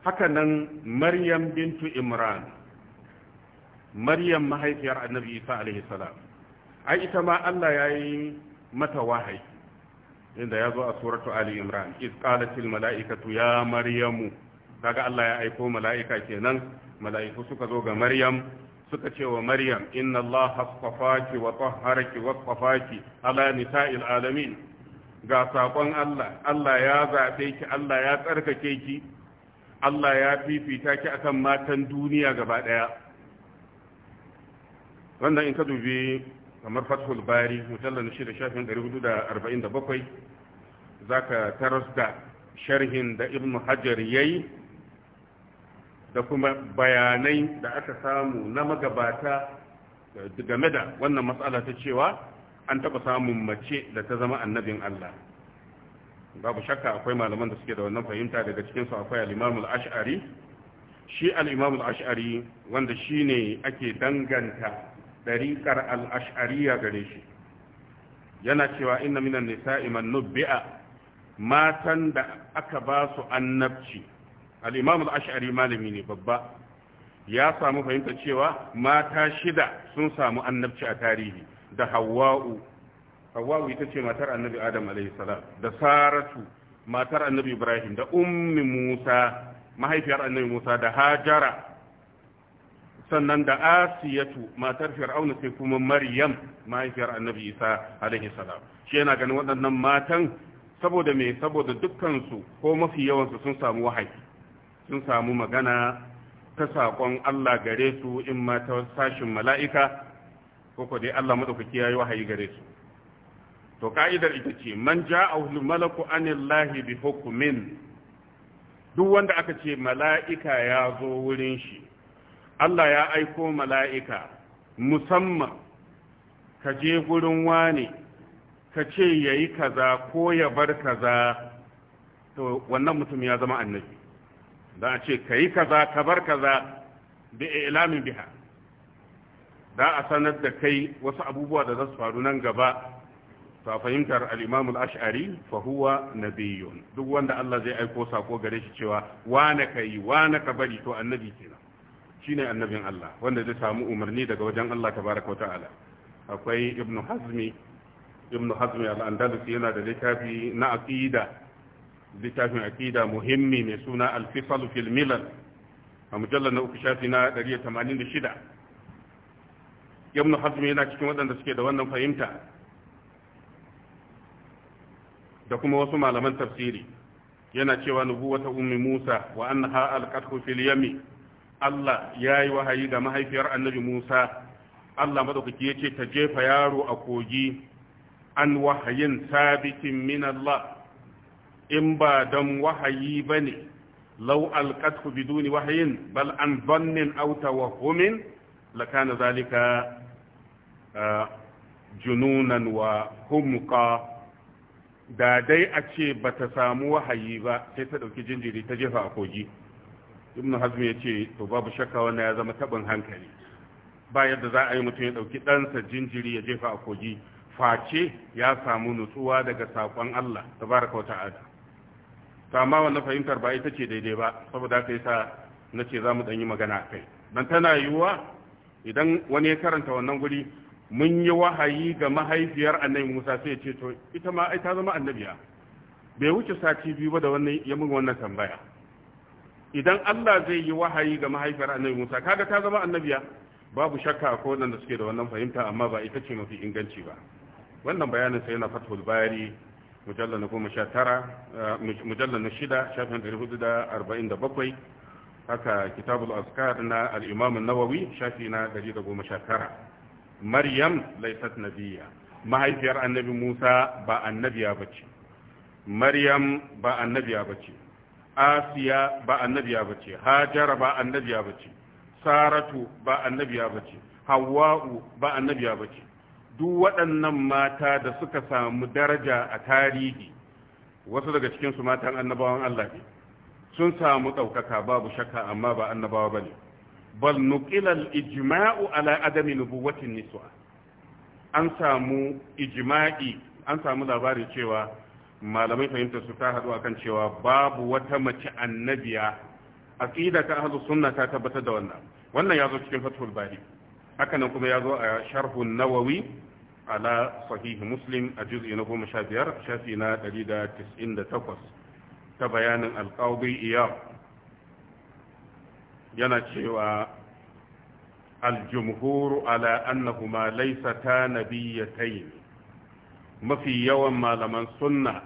haka nan Maryam bintu Imran Maryam mahaifiyar annabi Isa alaihi salam ai ita ma Allah ya yi mata wahayi inda ya zo a suratu Ali Imran iz qalatil mala'ikatu ya maryamu kaga Allah ya aiko mala'ika kenan mala'iku suka zo ga Maryam suka ce wa maryam inna allaha astafaki wa tahharaki wa astafaki ala nisa'il alamin ga saƙon Allah Allah ya zaɓe ki Allah ya tsarkake ki Allah ya fifita ki akan matan duniya gaba ɗaya. wannan in ka dubi kamar fathul bari mujallar shi shida shafin 447 zaka taras da sharhin da ibn hajar yi. da kuma bayanai da aka samu na magabata game da wannan matsala ta cewa an taɓa samun mace da ta zama annabin Allah babu shakka akwai malaman da suke da wannan fahimta daga su akwai al ash'ari shi al ash'ari wanda shine ake danganta ɗariƙar ashariya gare shi yana cewa inna minan nisa'i man nubbi'a matan da aka ba su annabci al-imam al-ash'ari malami ne babba ya samu fahimta cewa mata shida sun samu annabci a tarihi da hawa’u hawa’u ita ce matar annabi adam alaihi da saratu matar annabi ibrahim da ummi musa mahaifiyar annabi musa da hajara sannan da asiyatu matar fir'auna sai kuma maryam mahaifiyar annabi isa alaihi shi yana ganin waɗannan matan saboda me saboda dukkansu ko mafi yawansu sun samu wahayi sun samu magana ta saƙon Allah gare su in ma ta sashin mala'ika ko dai Allah maɗaukaki ya yi wahayi gare su to ka'idar ita ce man ja a wuli malaku anillahi bi hukumin duk wanda aka ce mala'ika ya zo wurin shi Allah ya aiko mala'ika musamman ka je gurin wane ka ce ya yi kaza ko ya bar kaza to wannan mutum ya zama annabi da a ce ka yi kaza ka bar kaza bi ilamin biha da a sanar da kai wasu abubuwa da za su faru nan gaba ta fahimtar al ashari fa huwa duk wanda Allah zai aiko sako gare shi cewa wane ka yi wane ka bari to annabi kenan shine annabin Allah wanda zai samu umarni daga wajen Allah tabaraka wa ta'ala akwai Ibn hazmi Ibn hazmi al yana da littafi na aqida littafin aqida muhimmi mai suna al fil a mujallar na uku shafi na 186 ibn hazm yana cikin waɗanda suke da wannan fahimta da kuma wasu malaman tafsiri yana cewa nubuwata ummi Musa wa annaha alqathu fil yami Allah yayi wahayi ga mahaifiyar annabi Musa Allah ya yace ta jefa yaro a kogi an wahayin sabitin min Allah in ba don wahayi ba ne lau alƙatku biduni wahayin bal an zannin auta wa homin lakana zalika jununan wa humka da dai a ce ba ta samu wahayi ba sai ta ɗauki jinjiri ta jefa a kogi ibn hazm ya ce to babu shakka wannan ya zama taɓin hankali ba yadda za a yi mutum ya ɗauki ɗansa jinjiri ya jefa a kogi face ya samu nutsuwa daga saƙon Allah tabaraka ta'ala to amma wannan fahimtar ba ita ce daidai ba saboda haka yasa na ce za mu ɗan yi magana a kai dan tana yiwuwa idan wani ya karanta wannan guri mun yi wahayi ga mahaifiyar annabi musa sai ya ce to ita ma ai ta zama annabiya bai wuce sati biyu ba da wannan ya mun wannan tambaya idan Allah zai yi wahayi ga mahaifiyar annabi musa kaga ta zama annabiya babu shakka ko da suke da wannan fahimta amma ba ita ce mafi inganci ba wannan bayanin sai na fathul bari mujallar na goma sha tara eh, mujallar na shida shafin ɗari hudu da arba'in da bakwai haka kitabul azkar na al'imamun nawawi shafi na ɗari da goma sha tara maryam laifat nabiya mahaifiyar annabi musa ba annabiya ba ce maryam ba annabiya ba ce asiya ba annabiya ba ce hajara ba annabiya ba ce saratu ba annabiya ba ce hawa'u ba annabiya ba ce duk waɗannan mata da suka samu daraja a tarihi wasu daga cikinsu matan annabawan Allah ne sun samu ɗaukaka babu shakka amma ba annabawa ba ne bal nuqilal ijma'u ala adami nubuwatin niswa an samu ijma'i an samu labari cewa malamai fahimta su ta haɗu akan cewa babu wata mace annabiya ƙida ta ahlus sunna ta tabbatar da wannan wannan ya zo cikin fathul bari haka nan kuma ya zo a sharhun nawawi ala sahihi muslim a juz'i na goma sha biyar shafi na ɗari da tis'in da takwas ta bayanin alƙawbi iya yana cewa aljumhuru ala annahuma laisa ta nabiyatai mafi yawan malaman sunna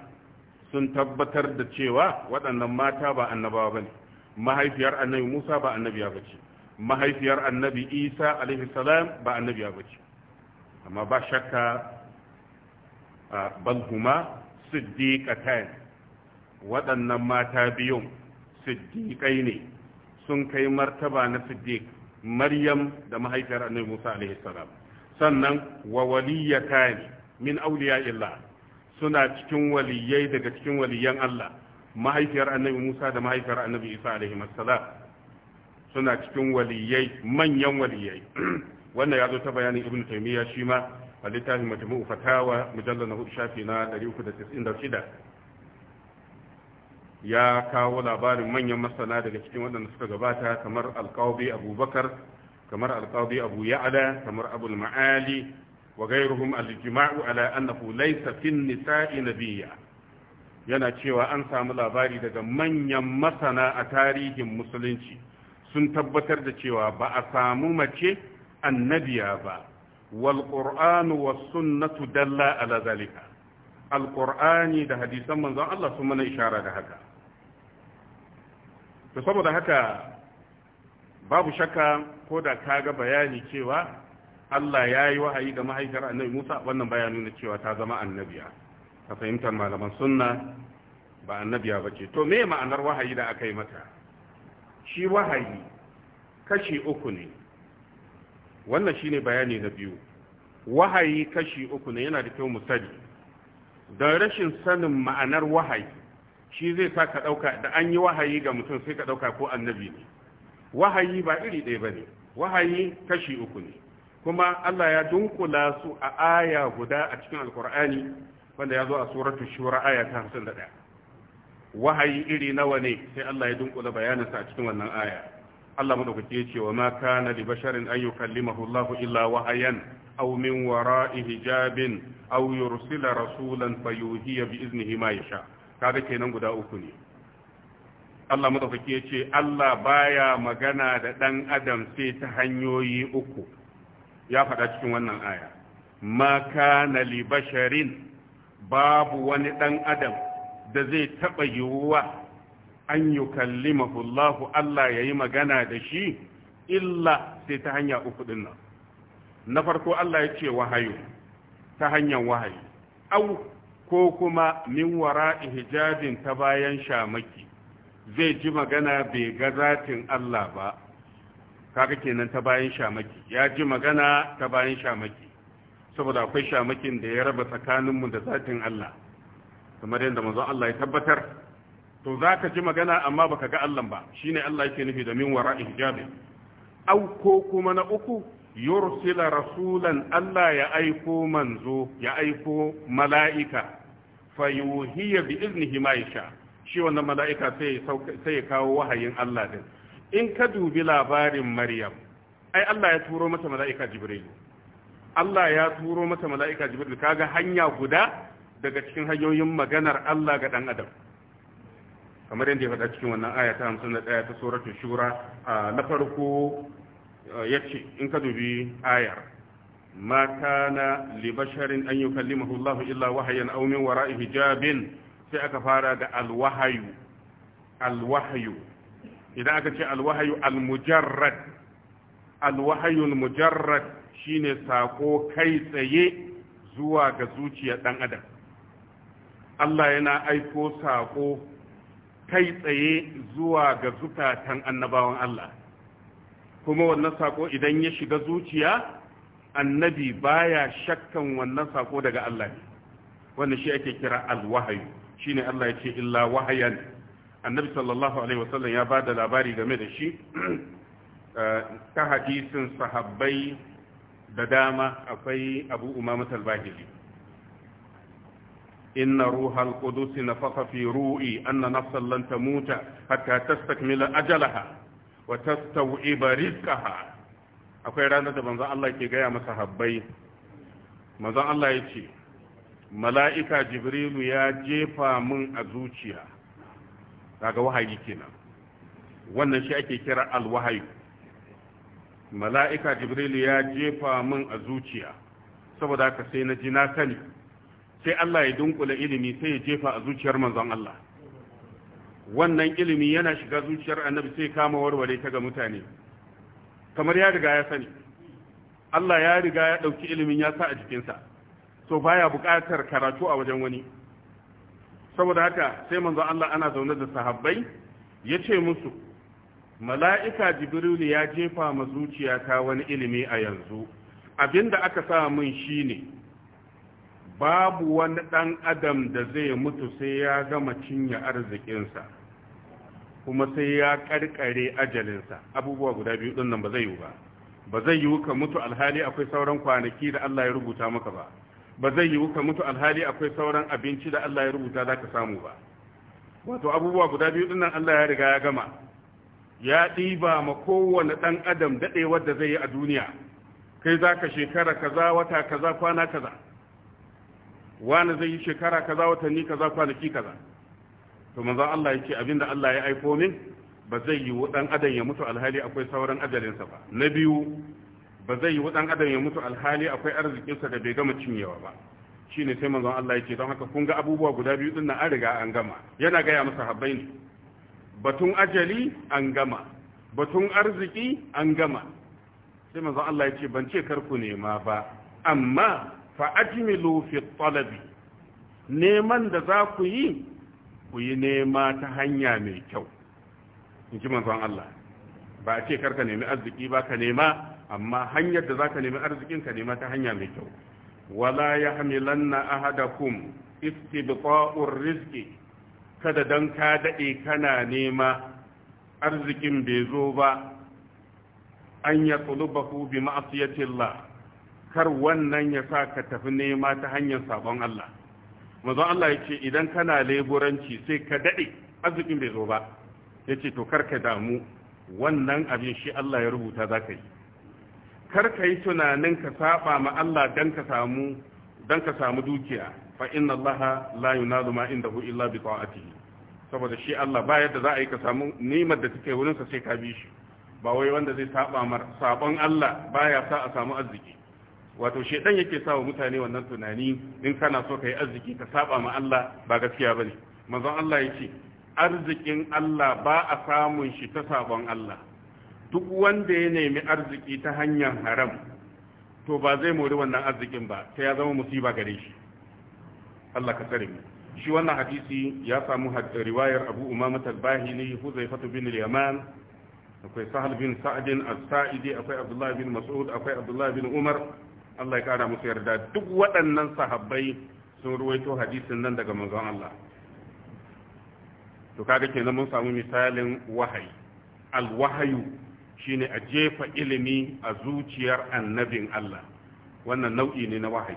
sun tabbatar da cewa waɗannan mata ba annabawa ba ne mahaifiyar annabi musa ba annabiya ba ce mahaifiyar annabi isa alaihi salam ba annabi ya bace amma ba shakka balhuma siddiqatan waɗannan mata biyun siddiƙai ne sun kai martaba na siddiq maryam da mahaifiyar annabi musa alaihi salam sannan wa waliyatan min awliyaillah suna cikin waliyai daga cikin waliyan Allah mahaifiyar annabi musa da mahaifiyar annabi isa alaihi salam suna cikin waliyai manyan waliyai [clears throat] wannan ya zo ta bayanin ibn taymiya shi ma a littafin majmu'u fatawa mujallar na hudu shafi na 396 ya kawo labarin manyan masana daga cikin waɗanda suka gabata kamar alƙawbi abubakar kamar alƙawbi abu Ya'ada, kamar abul ma'ali wa gairuhum al-jima'u ala annahu laysa fin nisa'i nabiyya yana cewa an samu labari daga manyan masana a tarihin musulunci sun tabbatar da cewa ba a samu mace annabiya ba wal qur'anu was sunnatu dalla ala zalika al da hadisan manzon Allah sun mana ishara da haka to saboda haka babu shakka ko da kaga bayani cewa Allah ya yi wahayi da mahaifiyar annabi Musa wannan baya nuna cewa ta zama annabiya ka fahimtar malaman sunna ba annabiya ba ce to me ma'anar wahayi da aka yi mata shi wahayi kashi uku ne wannan shine bayani na biyu wahayi kashi uku ne yana da kyau mu da rashin sanin ma'anar wahayi shi zai sa ka ɗauka da an yi wahayi ga mutum sai ka ɗauka ko annabi ne wahayi ba iri ɗaya ba ne wahayi kashi uku ne kuma Allah ya dunkula su a aya guda a cikin alkur'ani wanda ya zo a suratul shura aya ta ɗaya. wahayi iri nawa ne sai Allah ya dunkula bayaninsa a cikin wannan aya Allah madaukake ya ce wa ma kana li basharin an yukallimahu Allah illa wahayan aw min wara'i hijabin aw yursila rasulan fayuhiya bi iznihi ma yasha kaga kenan guda uku ne Allah madaukake ya ce Allah baya magana da dan adam sai ta hanyoyi uku ya faɗa cikin wannan aya ma kana li basharin babu wani dan adam da zai taɓa yiwuwa an yi kallimahu Allah Allah ya yi magana da shi illa sai ta hanya uku ɗin nan na farko Allah ya ce wahayu ta hanyar wahayi au ko kuma min wara hijabin ta bayan shamaki zai ji magana bai ga zatin Allah ba kaga kenan ta bayan shamaki ya ji magana ta bayan shamaki saboda akwai shamakin da ya raba tsakaninmu da zatin Allah kamar yadda manzon Allah ya tabbatar to za ka ji magana amma baka ga Allah ba shine Allah yake nufi da min wara hijabi au ko kuma na uku yursila rasulan Allah ya aiko manzo ya aiko mala'ika fayuhiya bi iznihi ma yasha shi wannan mala'ika sai sai ya kawo wahayin Allah din in ka dubi labarin Maryam ai Allah ya turo mata mala'ika Jibril Allah ya turo mata mala'ika Jibril kaga hanya guda daga cikin hanyoyin maganar Allah ga ɗan adam kamar yadda ya faɗa cikin wannan aya ta ɗaya ta suratul shura na farko yace in ka dubi ayar mata na libasharin basharin an yukallimahu Allah illa wahayan aw min wara'i hijabin sai aka fara da alwahayu alwahayu idan aka ce alwahayu almujarrad alwahayu almujarrad shine sako kai tsaye zuwa ga zuciyar dan adam Allah yana aiko saƙo kai tsaye zuwa ga zukatan annabawan Allah kuma wannan saƙo idan ya shiga zuciya annabi baya shakkan wannan saƙo daga Allah ne wannan shi ake kira alwahayu shine Allah ya ce illa wahayan annabi sallallahu alaihi wasallam ya bada labari game da shi [clears throat] ta hadisin sahabbai da dama akwai abu umama talbahili إن روح القدس نفخ في روئي أن نفسا لن تموت حتى تستكمل أجلها وتستوعب رزقها akwai ranar da manzon Allah ke gaya masa habbai manzon Allah ya ce mala'ika jibrilu ya jefa min a zuciya daga wahayi kenan wannan shi ake kira alwahayi mala'ika jibrilu ya jefa min a zuciya saboda haka sai na ji na sani sai Allah ya dunkula ilimi sai ya jefa a zuciyar manzon Allah wannan ilimi yana shiga zuciyar annabi sai kama warware ta ga mutane kamar ya riga ya sani Allah ya riga ya ɗauki ilimin ya sa a jikinsa to baya buƙatar karatu a wajen wani saboda haka sai manzon Allah ana zaune da sahabbai ya ce musu mala'ika jibrilu ya jefa ma zuciyata wani ilimi a yanzu abinda aka sa min shine babu wani ɗan adam da zai mutu sai ya gama cinye arzikinsa kuma sai ya ƙarƙare ajalinsa abubuwa guda biyu ɗin nan ba zai yi ba ba zai yi ka mutu alhali akwai sauran kwanaki da Allah ya rubuta maka ba ba zai yi ka mutu alhali akwai sauran abinci da Allah ya rubuta za ka samu ba wato abubuwa guda biyu ɗin nan Allah ya riga ya gama ya ɗiba ma kowane ɗan adam daɗewar da zai yi a duniya kai za ka shekara kaza wata kaza kwana kaza wani zai yi shekara kaza watanni kaza kwanaki kaza to manzo Allah yake abinda Allah ya aiko min ba zai yi dan adam ya mutu alhali akwai sauran ajalinsa ba na biyu ba zai yi dan adam ya mutu alhali akwai arzikinsa da bai gama cinyewa ba shine sai manzo Allah yake don haka kun ga abubuwa guda biyu din nan an riga an gama yana gaya masa habbai ne batun ajali an gama batun arziki an gama sai manzo Allah yake ban ce karku nema ba amma fa ajmilu fi talabi neman da za ku yi ku yi nema ta hanya mai kyau in ji manzon Allah ba a ce karka nemi arziki ba ka nema amma hanyar da za ka nemi arzikin ka nema ta hanya mai kyau wala ya hamilanna ahadakum istibqa'ur rizqi kada dan ka dade kana nema arzikin bai zo ba an ya tulubahu bi Allah kar wannan ya sa ka tafi nema ta hanyar sabon Allah manzon Allah ya ce idan kana leburanci sai ka daɗe arzikin bai zo ba ya ce to kar ka damu wannan abin shi Allah ya rubuta za ka yi kar ka yi tunanin ka saba ma Allah dan ka samu dukiya fa inna Allah la yunalu ma indahu illa bi ta'atihi saboda shi Allah ba yadda za a yi ka samu nimar da take wurin sa sai ka bi shi ba wai wanda zai saba mar sabon Allah baya sa a samu arziki wato shedan yake sa wa mutane wannan tunani in kana so ka yi arziki ka saba ma Allah ba gaskiya bane manzon Allah yace arzikin Allah ba a samun shi ta sabon Allah duk wanda ya nemi arziki ta hanyar haram to ba zai mori wannan arzikin ba ta ya zama musiba gare shi Allah ka tsare mu shi wannan hadisi ya samu riwayar Abu Umama al-Bahili Huzaifah bin al-Yaman akwai Sahal bin Sa'd al-Sa'idi akwai Abdullah bin Mas'ud akwai Abdullah bin Umar Allah ya kara musu yarda duk waɗannan sahabbai sun ruwaito hadisin nan daga manzon Allah to kaga kenan mun samu misalin wahayi alwahayu shine a jefa ilimi a zuciyar annabin Allah wannan nau'i ne na wahayi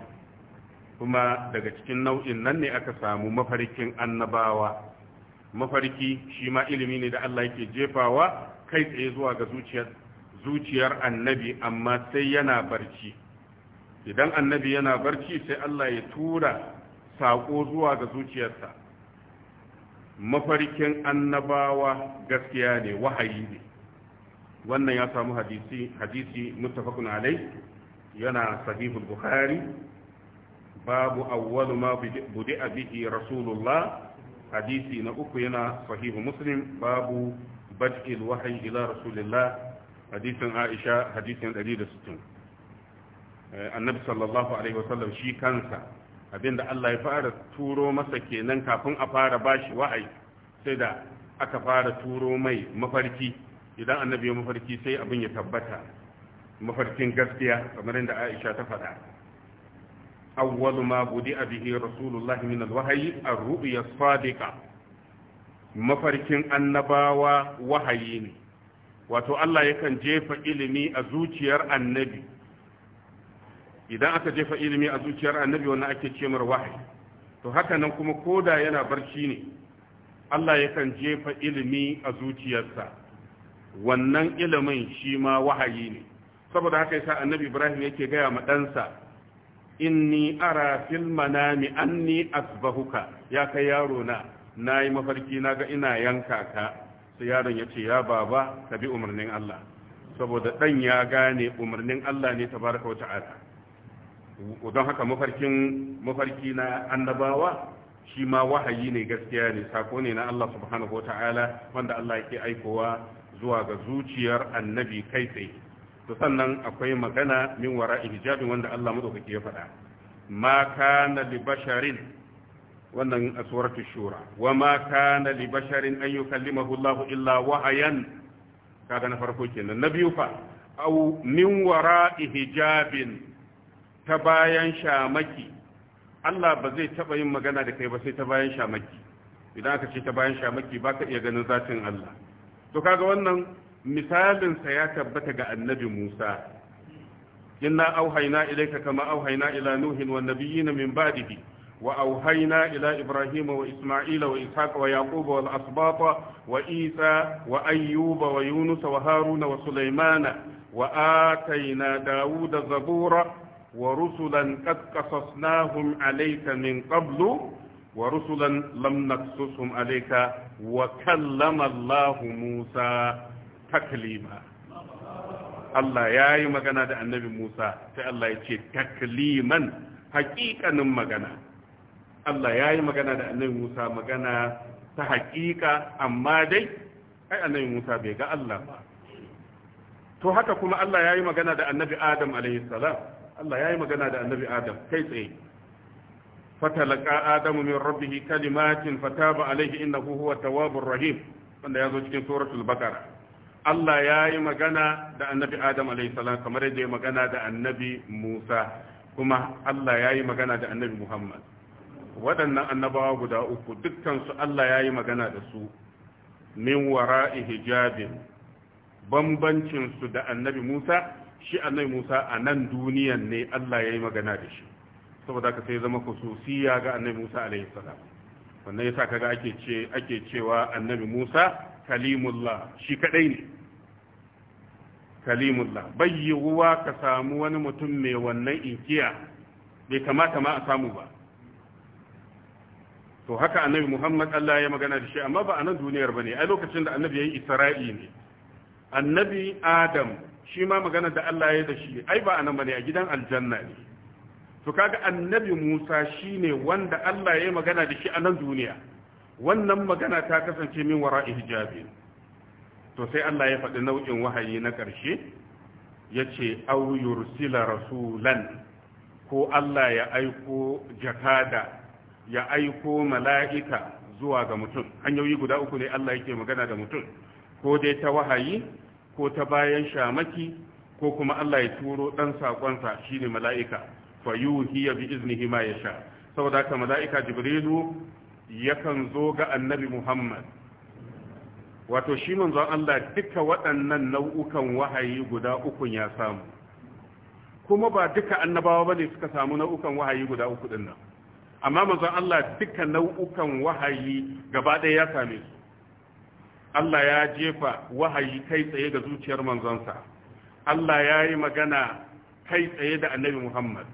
kuma daga cikin nau'in nan ne aka samu mafarkin annabawa mafarki shi ma ilimi ne da Allah yake jefawa kai tsaye zuwa ga zuciyar zuciyar annabi amma sai yana barci idan annabi yana barci sai Allah ya tura saƙo zuwa ga zuciyarsa mafarkin annabawa gaskiya ne wahayi ne wannan ya samu hadisi hadisi muttafaqun alai yana sahihul bukhari babu awwalu ma budi'a bihi rasulullah hadisi na uku yana sahihu muslim babu bad'il wahyi ila rasulillah hadisin aisha hadisin 160 Eh, annabi sallallahu alaihi wasallam shi kansa abinda Allah ya fara turo masa kenan kafin a fara bashi wa'ayi sai da aka fara turo mai mafarki idan annabi ya mafarki sai abin ya tabbata mafarkin gaskiya kamar yadda Aisha ta faɗa awwal ma budi bihi rasulullah min alwahyi ar-ru'ya sadiqa mafarkin annabawa wahayi ne wato Allah yakan jefa ilimi a zuciyar annabi idan aka jefa ilimi a zuciyar annabi wannan ake ce mar to haka nan kuma koda yana barci ne Allah yakan jefa ilimi a zuciyarsa wannan ilimin shi ma wahayi ne saboda haka yasa annabi Ibrahim yake gaya ma ɗansa inni ara fil manami anni asbahuka ya kai yaro na nayi mafarki na ga ina yanka ka sai yaron yace ya baba ka bi umarnin Allah saboda dan ya gane umarnin Allah ne tabaraka wa ta'ala don haka mafarkin mafarki na annabawa shi ma wahayi ne gaskiya ne sako ne na Allah subhanahu wata'ala wanda Allah yake aikowa zuwa ga zuciyar annabi kai tsaye to sannan akwai magana min wara hijabin wanda Allah madaukake ya faɗa ma kana li basharin wannan a shura wa ma kana li basharin an yukallimahu Allah illa wahayan kaga na farko kenan na biyu fa aw min wara hijabin ta bayan shamaki Allah ba zai taɓa yin magana da kai ba sai ta bayan shamaki idan aka ce ta bayan shamaki ba ka iya ganin zatin Allah to kaga wannan misalinsa ya tabbata ga annabi Musa inna auhayna ilayka kama auhayna ila nuhin wan nabiyyin min ba'dihi wa auhayna ila ibrahim wa isma'ila wa ishaqa wa yaquba wal asbata wa isa wa ayyuba wa yunus wa haruna wa sulaymana wa atayna dawuda zabura wa rusulan qad qasasnahum alayka min qablu wa rusulan lam naqsushum alayka wa kallama Allah Musa taklima Allah ya yi magana da annabi Musa sai Allah ya ce takliman haƙiƙanin magana Allah ya yi magana da annabi Musa magana ta haƙiƙa amma dai ai annabi Musa bai ga Allah ba to haka kuma Allah ya yi magana da annabi Adam Allah ya yi magana da annabi Adam kai tsaye fatalaka Adamu min rabbihi kalimatin fataba alaihi innahu huwa tawabur rahim wanda ya zo cikin suratul bakara. Allah ya yi magana da annabi Adam alaihi salam kamar yadda ya magana da annabi Musa kuma Allah ya yi magana da annabi Muhammad waɗannan annabawa guda uku dukkansu Allah ya yi magana da su min wara'i hijabin bambancinsu da annabi Musa shi annabi Musa a nan duniyan ne Allah ya yi magana da shi saboda ka sai zama khususiya ga annabi Musa alaihi salam wannan yasa kaga ake ce ake cewa annabi Musa kalimullah shi kadai ne kalimullah ruwa ka samu wani mutum mai wannan inkiya bai kamata ma a samu ba to haka annabi Muhammad Allah ya magana da shi amma ba a nan duniyar bane a lokacin da annabi yi Isra'i ne annabi Adam shi ma magana da Allah ya da shi ai ba anan bane a gidan aljanna ne to kaga annabi Musa shine wanda Allah ya yi magana da shi a nan duniya wannan magana ta kasance min wara'i hijabi to sai Allah ya faɗi nau'in wahayi na ƙarshe yace aw yursila rasulan ko Allah ya aiko jakada ya aiko mala'ika zuwa ga mutum hanyoyi guda uku ne Allah yake magana da mutum ko dai ta wahayi ko ta bayan shamaki ko kuma Allah ya turo dan sakonsa shine mala'ika fa ya bi iznihi ma yasha saboda haka mala'ika jibrilu yakan zo ga annabi muhammad wato shi manzon Allah duka waɗannan nau'ukan wahayi guda uku ya samu kuma ba duka annabawa bane suka samu nau'ukan wahayi guda uku dinnan. Amma amma manzon Allah duka nau'ukan wahayi gaba ɗaya ya same su Allah ya jefa wahayi kai tsaye ga zuciyar manzonsa Allah ya yi magana kai tsaye da annabi Muhammad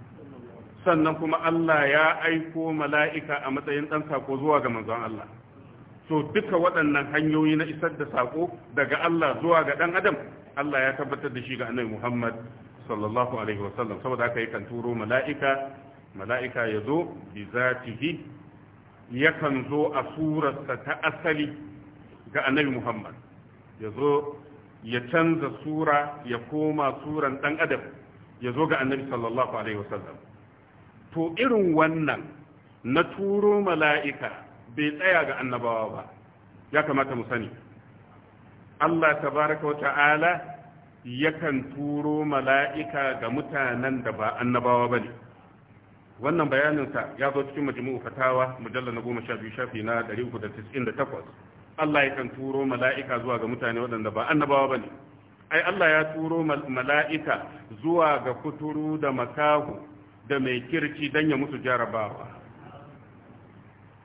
sannan kuma Allah ya aiko mala'ika a matsayin ɗan sako zuwa ga manzon Allah to duka waɗannan hanyoyi na isar da sako daga Allah zuwa ga ɗan adam Allah ya tabbatar da shi ga annabi Muhammad sallallahu alaihi wasallam saboda haka yakan turo mala'ika mala'ika ya zo bi zatihi yakan zo a surarsa ta asali ga annabi muhammad ya zo ya canza sura ya koma suran dan adam ya zo ga annabi sallallahu alaihi wasallam to irin wannan na turo mala'ika bai tsaya ga annabawa ba ya kamata mu sani Allah tabaraka wa ta'ala yakan turo mala'ika ga mutanen da ba annabawa ba ne wannan bayaninsa ya zo cikin majmu'u fatawa mujallar na goma sha biyu shafi na 398 Allah ya kan turo mala'ika zuwa ga mutane waɗanda ba annabawa ba ne ai Allah ya turo mala'ika zuwa ga kuturu da makahu da mai kirki don ya musu jarabawa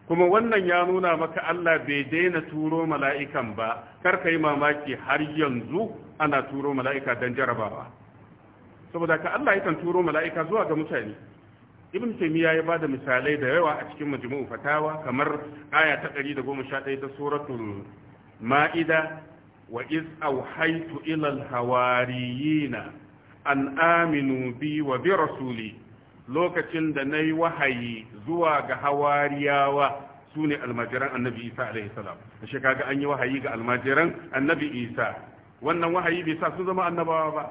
kuma wannan ya nuna maka Allah bai daina turo mala'ikan ba kar ka yi mamaki har yanzu ana turo mala'ika don jarabawa saboda ka Allah ya kan turo mala'ika zuwa ga mutane ibn taymiya ya bada misalai da yawa a cikin majmu'u fatawa kamar aya ta 111 ta suratul ma'ida wa iz awhaytu ila al-hawariyina an aminu bi wa bi rasuli lokacin da nayi wahayi zuwa ga hawariyawa sune almajiran annabi isa alaihi salam shi kaga an yi wahayi ga almajiran annabi isa wannan wahayi bai sa su zama annabawa ba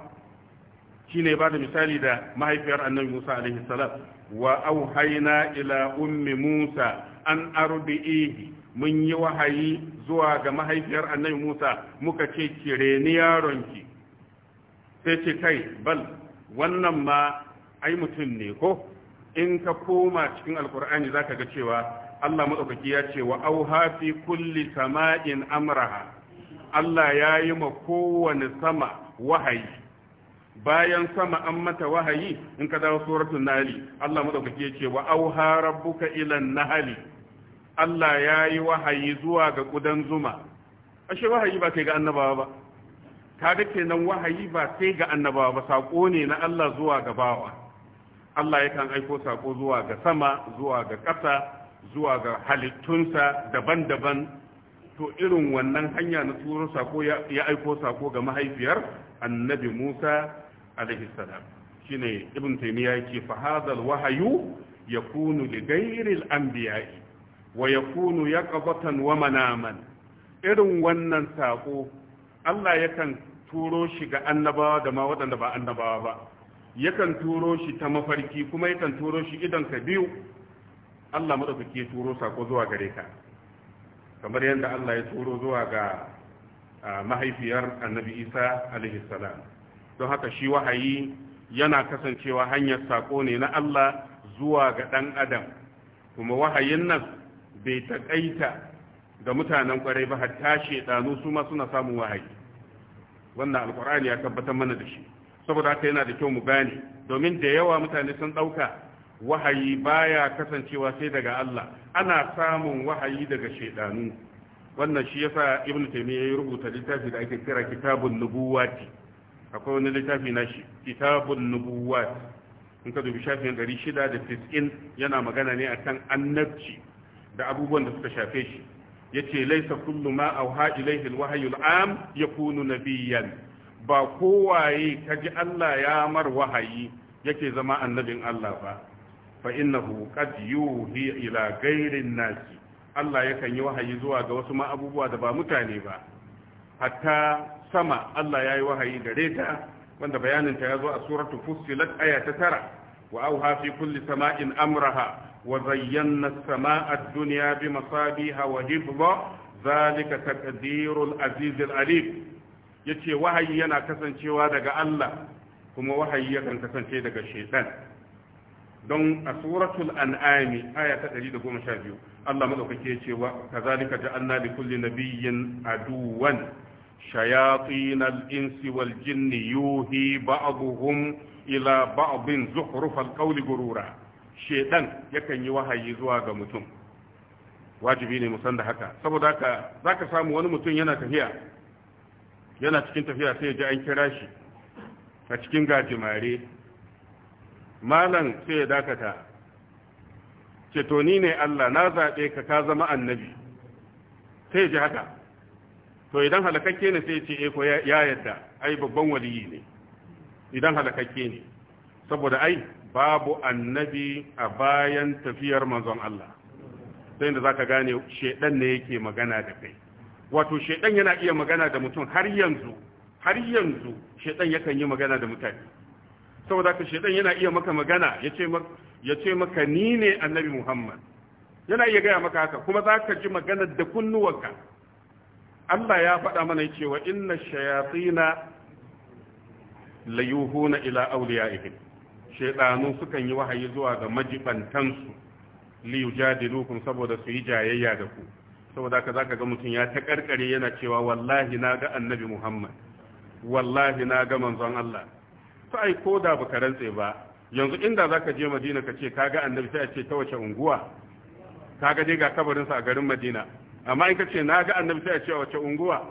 shine ba da misali da mahaifiyar annabi musa alaihi salam wa auhaina ila ummi Musa an arbi'ihi mun yi wahayi zuwa ga mahaifiyar annabi Musa muka ce kire ni yaronki sai ce kai bal wannan ma ai mutum ne ko in ka koma cikin alkur'ani zaka ga cewa Allah madaukaki ya ce wa auha fi kulli sama'in amraha Allah ya yi ma kowane sama wahayi bayan sama an mata wahayi in ka dawo suratul nali Allah madaukake ya ce wa auha rabbuka ila nahli Allah ya wahayi zuwa ga kudan zuma ashe wahayi ba kai ga annabawa ba kaga kenan wahayi ba sai ga annabawa ba sako ne na Allah zuwa ga bawa Allah yakan aiko sako zuwa ga sama zuwa ga ƙasa zuwa ga halittunsa daban-daban to irin wannan hanya na turo sako ya aiko sako ga mahaifiyar annabi Musa alaihi salam shine ibn taymiya yake fa wahayu yakunu kunu Ligairil al anbiya'i wa yakunu yaqbatan wa manaman irin wannan sako Allah yakan turo shi ga annabawa da ma waɗanda ba annabawa ba yakan turo shi ta mafarki kuma yakan turo shi idan ka biyu Allah madaukake ya turo sako zuwa gare ka kamar yadda Allah ya turo zuwa ga ah, mahaifiyar annabi Isa alaihi salam don haka shi wahayi yana kasancewa hanyar sako ne na Allah zuwa ga ɗan adam kuma wahayin nan bai taƙaita ga mutanen kwarai ba hatta shaidanu su ma suna samun wahayi wannan alkur'ani ya tabbatar mana da shi saboda haka yana da kyau mu gane domin da yawa mutane sun ɗauka wahayi baya kasancewa sai daga Allah ana samun wahayi daga shaidanu wannan shi yasa ibnu taymiyyah ya rubuta littafi da ake kira kitabun nubuwati akwai wani littafi na shi kitabun nubuwat in ka dubi shafin 690 yana magana ne akan annabci da abubuwan da suka shafe shi yace laisa kullu ma auha ilayhi alwahyu al'am yakunu nabiyyan ba kowaye kaji Allah ya mar wahayi yake zama annabin Allah ba fa innahu qad yuhi ila ghairi nasi Allah yakan yi wahayi zuwa ga wasu ma abubuwa da ba mutane ba hatta sama Allah ya yi wahayi gare ta wanda bayaninta ya zo a suratul fussilat aya ta tara wa auha fi kulli sama'in amraha wa zayyana as-sama'a ad-dunya bi masabiha wa hifdha zalika taqdirul aziz al-alim yace wahayi yana kasancewa daga Allah kuma wahayi yakan kasance daga shaytan don a suratul an'ami aya ta 112 Allah madaukake yace wa kazalika ja'alna li kulli nabiyyin aduwan شياطين الإنس والجن يوهي بعضهم إلى بعض زخرف القول غرورا شيطان يكن يوهي زوا ga mutum wajibi ne musan da haka saboda haka zaka samu wani mutum yana tafiya yana cikin tafiya sai an kira shi a cikin gajimare malam sai ya dakata ce ni ne Allah na zaɓe ka ka zama annabi sai ya ji haka to idan halakakke ne sai ce eko eh, ya yadda ai babban waliyi ne idan halakakke ne saboda ai babu annabi a bayan tafiyar manzon Allah sai da zaka gane shedan ne yake magana da kai wato shedan yana iya magana da mutum har yanzu har yanzu shedan yakan yi magana da mutane saboda ka shedan yana iya maka magana yace maka yace maka ni ne annabi Muhammad yana iya gaya maka haka kuma zaka ji maganar da kunnuwanka Allah ya faɗa mana cewa inna shayatina layuhuna ila awliyaihim shaydanu sukan yi wahayi zuwa ga majibantansu li yujadilukum saboda su yi jayayya da ku saboda haka zaka ga mutum ya ta karkare yana cewa wallahi na ga annabi Muhammad wallahi na ga manzon Allah to ai ko da baka rantse ba yanzu inda zaka je Madina ka ce ka ga annabi sai a ce ta wace unguwa kaga dai ga kabarin sa a garin Madina amma in ka ce na ga annabi sai a ce wace unguwa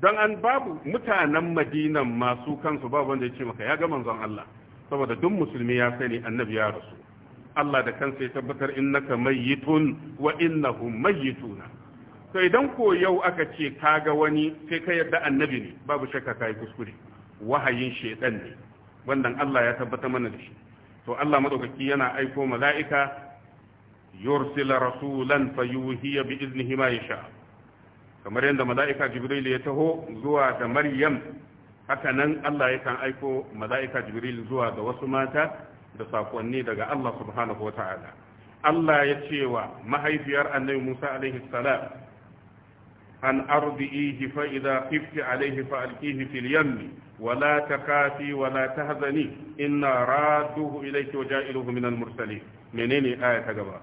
don an babu mutanen madinan masu kansu babu wanda ya ce maka ya ga manzon Allah saboda duk musulmi ya sani annabi ya rasu Allah da kansa ya tabbatar innaka mayyitun wa innahum mayyituna to idan ko yau aka ce ka ga wani sai ka yarda annabi ne babu shakka kai kuskure wahayin shedan ne wannan Allah ya tabbata mana da shi to Allah madaukaki yana aiko mala'ika yursila rasulan fayuhiya bi iznihi ya sha kamar yadda mala'ika jibril ya taho zuwa da maryam haka nan Allah yakan aiko mala'ika jibril zuwa ga wasu mata da sakonni daga Allah subhanahu wata'ala Allah ya ce mahaifiyar annabi Musa alaihi salam an ardihi fa idza khifti alaihi fa alqihi fil yammi wa la takafi wa la tahzani inna raduhu ilayki wa ja'iluhu min al mursalin menene aya ta gaba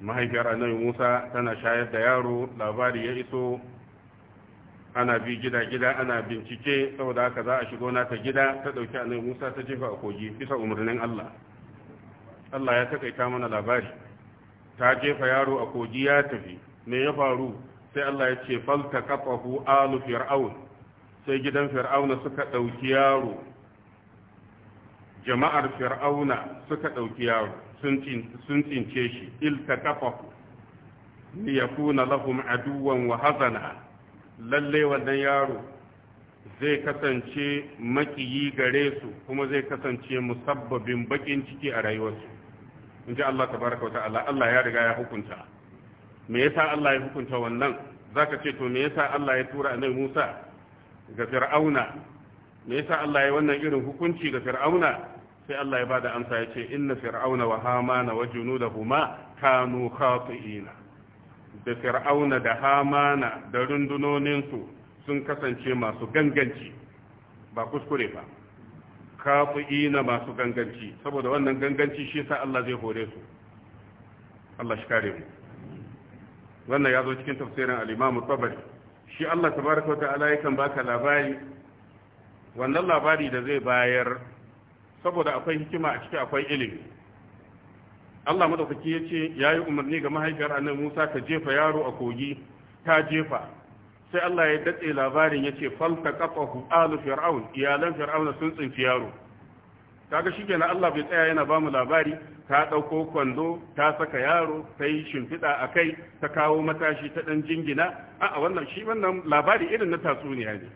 mahaifiyar annabi musa tana shayar da yaro labari ya iso ana bi gida-gida ana bincike saboda haka za a shigo nata gida ta ɗauki annabi musa ta jefa a kogi bisa umarnin allah allah ya takaita mana labari ta jefa yaro a kogi ya tafi me ya faru sai allah ya ce falta kafahu alu fir'aun sai gidan fir'auna suka ɗauki yaro jama'ar fir'auna suka ɗauki yaro sun tsince shi Ni ya kuna lahum aduwan wa hazana lalle wannan yaro zai kasance makiyi gare su kuma zai kasance musabbabin bakin ciki a rayuwarsu in ji Allah tabaraka wa ta'ala Allah ya riga ya hukunta me yasa Allah ya hukunta wannan zaka ce to me yasa Allah ya tura annabi Musa ga Fir'auna me yasa Allah ya wannan irin hukunci ga Fir'auna sai Allah ya bada amsa ya ce inna fir'auna wa hamana wa junudahuma kanu khati'ina da fir'auna da hamana da rundunoninsu sun kasance masu ganganci ba kuskure ba khati'ina masu ganganci saboda wannan ganganci shi sa Allah zai hore su Allah shi kare mu wannan ya zo cikin tafsirin al-Imam Tabari shi Allah tabaraka wa ta'ala yakan baka labari wannan labari da zai bayar saboda akwai hikima a ciki akwai ilimi Allah madaukaki ya ce ya yi umarni ga mahaifiyar annabi Musa ta jefa yaro a kogi ta jefa sai Allah ya datse labarin ya ce falka kafahu alu fir'aun iyalan fir'auna sun tsinci yaro kaga shi Allah bai tsaya yana bamu labari ta ɗauko kwando ta saka yaro ta yi shimfiɗa a kai ta kawo matashi ta ɗan jingina a wannan shi wannan labari irin na tatsuniya ne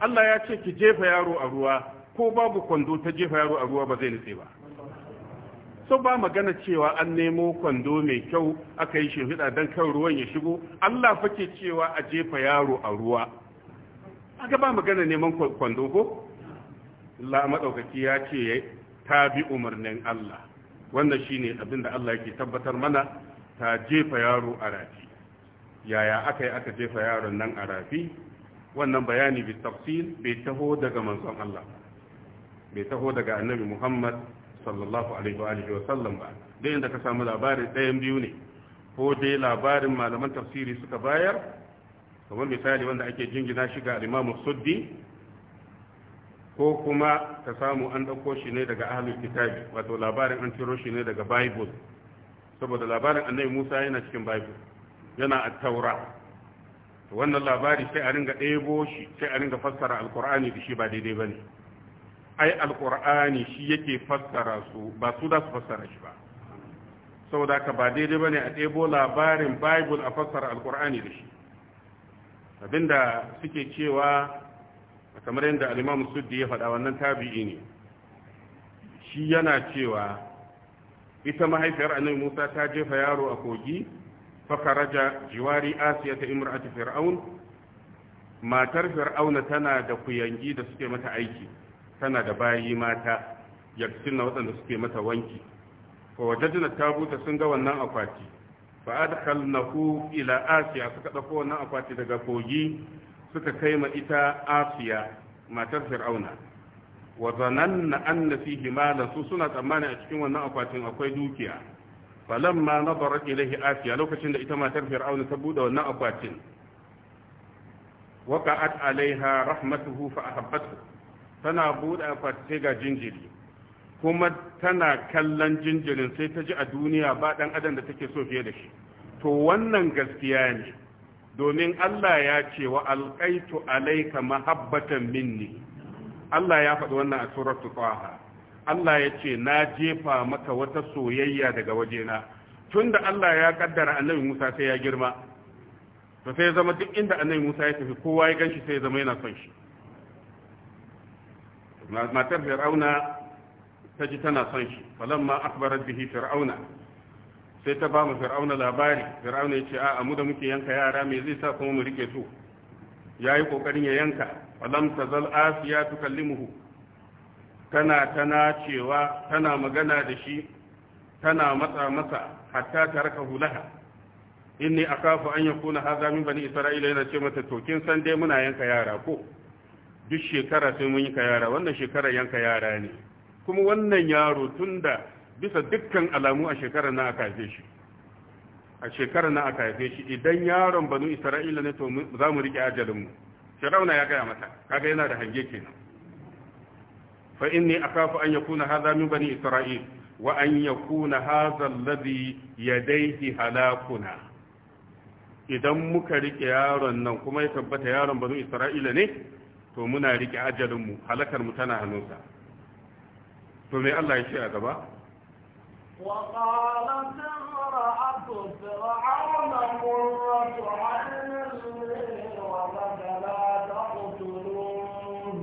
Allah ya ce ki jefa yaro a ruwa ko babu kwando ta jefa yaro a ruwa ba zai nutse ba so ba magana cewa an nemo kwando mai kyau aka yi shimfiɗa don kan ruwan ya shigo Allah fake cewa a jefa yaro a ruwa aka ba magana neman kwando ko Allah maɗaukaki ya ce ta bi umarnin Allah wannan shine abin da Allah yake tabbatar mana ta jefa yaro a rafi yaya aka yi aka jefa yaron nan a rafi wannan bayani bi tafsil bai taho daga manzon Allah bai taho daga annabi muhammad sallallahu alaihi wa sallam ba dai inda ka samu labarin ɗayan biyu ne ko dai labarin malaman tafsiri suka bayar kamar misali wanda ake jingina shi ga imamu suddi ko kuma ka samu an ɗauko shi ne daga ahlul kitabi wato labarin an ciro shi ne daga bible saboda labarin annabi musa yana cikin bible yana a taura wannan labari sai a ringa ɗebo shi sai a ringa fassara alkur'ani da shi ba daidai ba ne ai alkur'ani shi yake fassara su ba su da su fassara shi ba saboda ka ba daidai ne a ɗebo labarin bible a fassara alkur'ani da shi abinda suke cewa kamar yadda al-imam suddi ya faɗa wannan tabi'i ne shi yana cewa ita mahaifiyar annabi Musa ta jefa yaro a kogi fakaraja jiwari asiya ta imra'ati fir'aun matar fir'auna tana da kuyangi da suke mata aiki tana da bayi mata yaktin na waɗanda suke mata wanki fa ta tabuta sun ga wannan akwati fa adkhalnahu ila asiya suka dauko wannan akwati daga kogi suka kai ma ita asiya matar fir'auna wa zananna na fihi malan su suna tsammani a cikin wannan akwatin akwai dukiya na nadara ilaihi asiya lokacin da ita matar fir'auna ta buɗe wannan akwatin waqa'at alaiha rahmatuhu fa ahabbathu tana buɗe fatte ga jinjiri kuma tana kallon jinjirin sai ta ji a duniya ba ɗan adam da take so fiye da shi to wannan gaskiya ne domin Allah ya ce wa alƙaitu alaika mahabbatan minni Allah ya faɗi wannan a suratul Taha Allah ya ce na jefa maka wata soyayya daga wajena tunda Allah ya kaddara annabi Musa sai ya girma to sai zama duk inda annabi Musa ya tafi kowa ya ganshi sai zama yana son shi matar fir'auna ta ji tana son shi ma akbar bihi fir'auna sai ta ba mu fir'auna labari fir'auna ya ce a mu da muke yanka yara me zai sa kuma mu rike su yi kokarin ya yanka ta zal asiya tukallimuhu tana tana cewa tana magana da shi tana matsa masa hatta taraka hulaha inni akafu an yakuna hadha min bani isra'ila yana ce mata to kin san dai muna yanka yara ko duk shekara sai mun yi ka yara wannan shekara yanka yara ne kuma wannan yaro tunda bisa dukkan alamu a shekara na aka haife shi a shekara na aka haife shi idan yaron banu isra'ila ne to za mu rike mu sharauna ya gaya mata kaga yana da hange kenan fa inni akafu an yakuna hadha min bani isra'il wa an yakuna hadha alladhi yadayhi halakuna idan muka rike yaron nan kuma ya tabbata yaron banu isra'ila ne to muna rike ajalinmu halakar mu tana hannunsa to me Allah ya ce a gaba وقالت امرأة فرعون مرة عين لي ولد لا تقتلون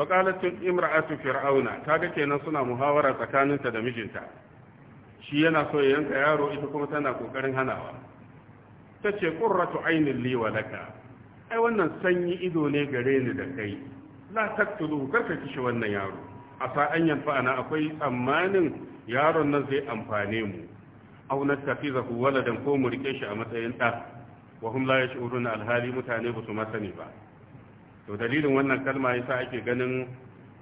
wa qalat imra'atu fir'auna kaga kenan suna muhawara tsakaninta da mijinta shi yana so ya yanka yaro ita kuma tana kokarin hanawa tace qurratu aynin li wa laka ai wannan sanyi ido ne gare ni da kai la taktulu karka kishi wannan yaro asa an ana akwai tsammanin yaron nan zai amfane mu aw ku waladan ko mu rike shi a matsayin da wa hum la yash'uruna alhali mutane ba su ma sani ba to dalilin wannan kalma yasa ake ganin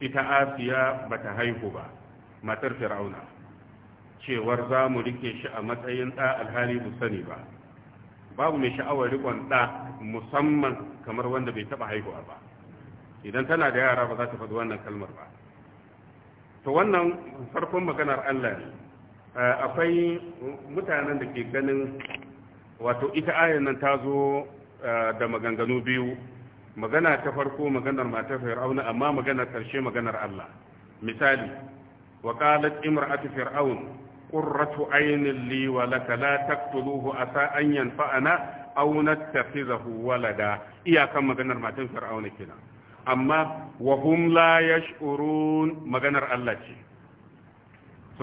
ita asiya ta haihu ba matar fir'auna cewar za mu rike shi a matsayin ɗa alhali mu sani ba babu mai sha'awar rikon ɗa musamman kamar wanda bai taɓa haihuwa ba idan tana da yara ba za ta faɗi wannan kalmar ba to wannan farkon maganar allah ne eh, akwai mutanen da ke ganin wato ita ayan nan ta zo eh, da maganganu biyu magana ta farko maganar matar fir'auna amma maganar karshe maganar Allah misali wa qalat imra'atu fir'aun qurratu aynin li wa laka la taqtuluhu asa an yanfa'ana aw nattakhizahu walada iyakan maganar matar fir'auna kenan amma wa hum la yash'urun maganar Allah ce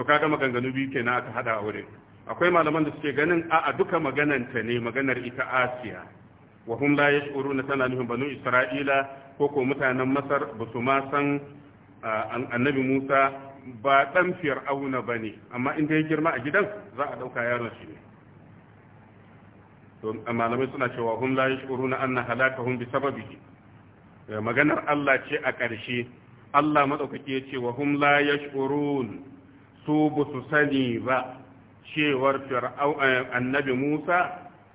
so kaga maganganu biyu kenan aka hada aure akwai malaman da suke ganin a'a duka maganar ta ne maganar ita Asiya wa hum la na tana nufin banu isra'ila ko ko mutanen masar ba su ma san annabi musa ba dan fir'auna ne amma in dai girma a gidan za a ɗauka yaron shi ne malamai suna cewa hum la na anna halakahum bi sababihi eh, maganar Allah ce a ƙarshe Allah madaukake ya ce wa hum la yash'urun su bu su sani ba cewar fir'au eh, annabi Musa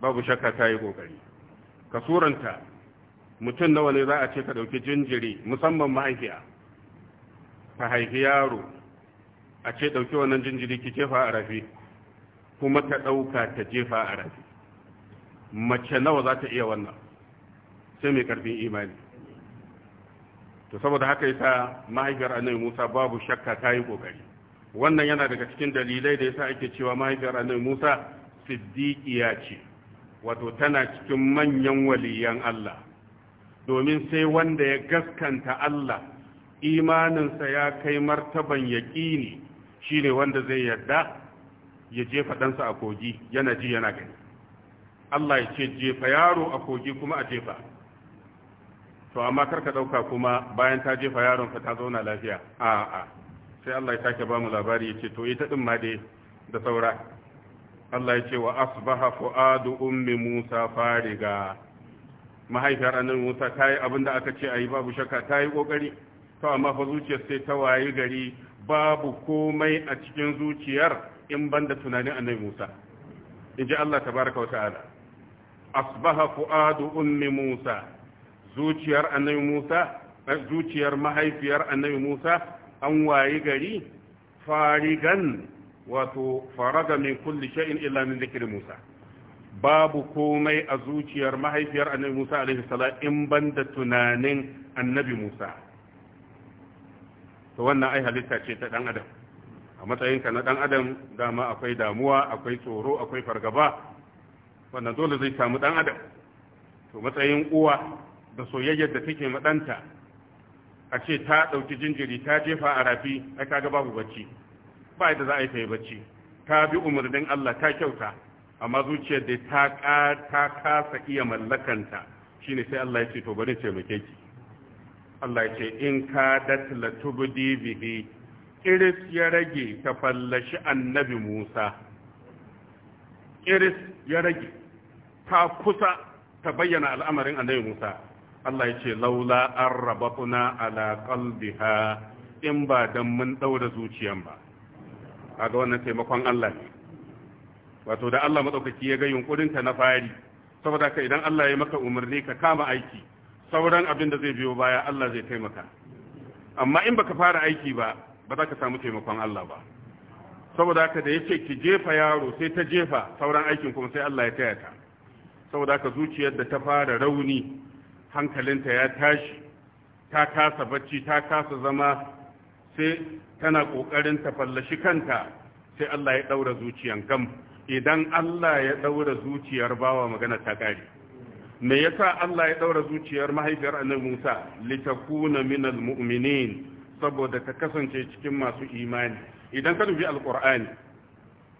babu shakka ta yi kokari ka suranta mutum nawa ne za a ce ka ɗauki jinjiri musamman mahaifiya ka haifi yaro a ce ɗauki wannan jinjiri ki jefa a rafi kuma ta ɗauka ta jefa a rafi mace nawa za ta iya wannan sai mai ƙarfin imani to saboda haka yasa mahaifiyar annabi Musa babu shakka ta yi kokari wannan yana daga cikin dalilai da yasa ake cewa mahaifiyar annabi Musa siddiqiya ce wato tana cikin manyan waliyan Allah domin sai wanda ya gaskanta Allah imaninsa ya kai martaban yaƙini shine wanda zai yarda ya jefa ɗansa a kogi yana ji yana gani Allah ya ce jefa yaro a kogi kuma a jefa to amma karka ɗauka kuma bayan ta jefa yaron ta zauna lafiya a'a sai Allah ya sake ba mu labari ya ce to ita ɗin ma dai da saura Allah ya ce wa asbaha fu'adu ummi Musa fariga mahaifiyar annabi Musa ta yi aka ce a yi babu shakka tayi yi ƙoƙari to amma fa zuciyar sai ta wayi gari babu komai a cikin zuciyar in banda tunanin annabi Musa in ji Allah tabaraka wa ta'ala asbaha fu'adu ummi Musa zuciyar annabi Musa eh, zuciyar mahaifiyar annabi Musa an wayi gari farigan wato faraga min kulli shay'in illa min zikri Musa babu komai a zuciyar mahaifiyar annabi Musa alaihi salam in banda tunanin annabi Musa to wannan ai halitta ce ta dan adam a matsayinka na dan adam dama akwai damuwa akwai tsoro akwai fargaba wannan dole zai samu dan adam to matsayin uwa da soyayyar da take ma danta a ce ta dauki jinjiri ta jefa a rafi ai kaga babu bacci ba da za a yi ta yi bacci ta bi umarnin Allah ta kyauta amma zuciyar da ta ta kasa iya mallakanta shine sai Allah ya ce to bari muke ki Allah ya ce in ka datla tubdi bihi iris ya rage ta fallashi annabi Musa iris ya rage ta kusa ta bayyana al'amarin annabi Musa Allah ya ce laula an ala qalbiha in ba dan mun daura zuciyan ba kaga wannan taimakon Allah ne wato da Allah madaukaki ya ga yunkurin ka na fari saboda ka idan Allah ya maka umarni ka kama aiki sauran abin da zai biyo baya Allah zai taimaka amma in baka fara aiki ba ba za ka samu taimakon Allah ba saboda haka da yace ki jefa yaro sai ta jefa sauran aikin kuma sai Allah ya taya ta saboda haka zuciyar da ta fara rauni hankalinta ya tashi ta kasa bacci ta kasa zama sai tana ƙoƙarin ta fallashi kanta sai Allah ya ɗaura zuciyan kan idan Allah ya ɗaura zuciyar bawa magana ta ƙari me yasa Allah ya ɗaura zuciyar mahaifiyar annabi Musa litakuna minal mu'minin saboda ta kasance cikin masu imani idan ka dubi alqur'ani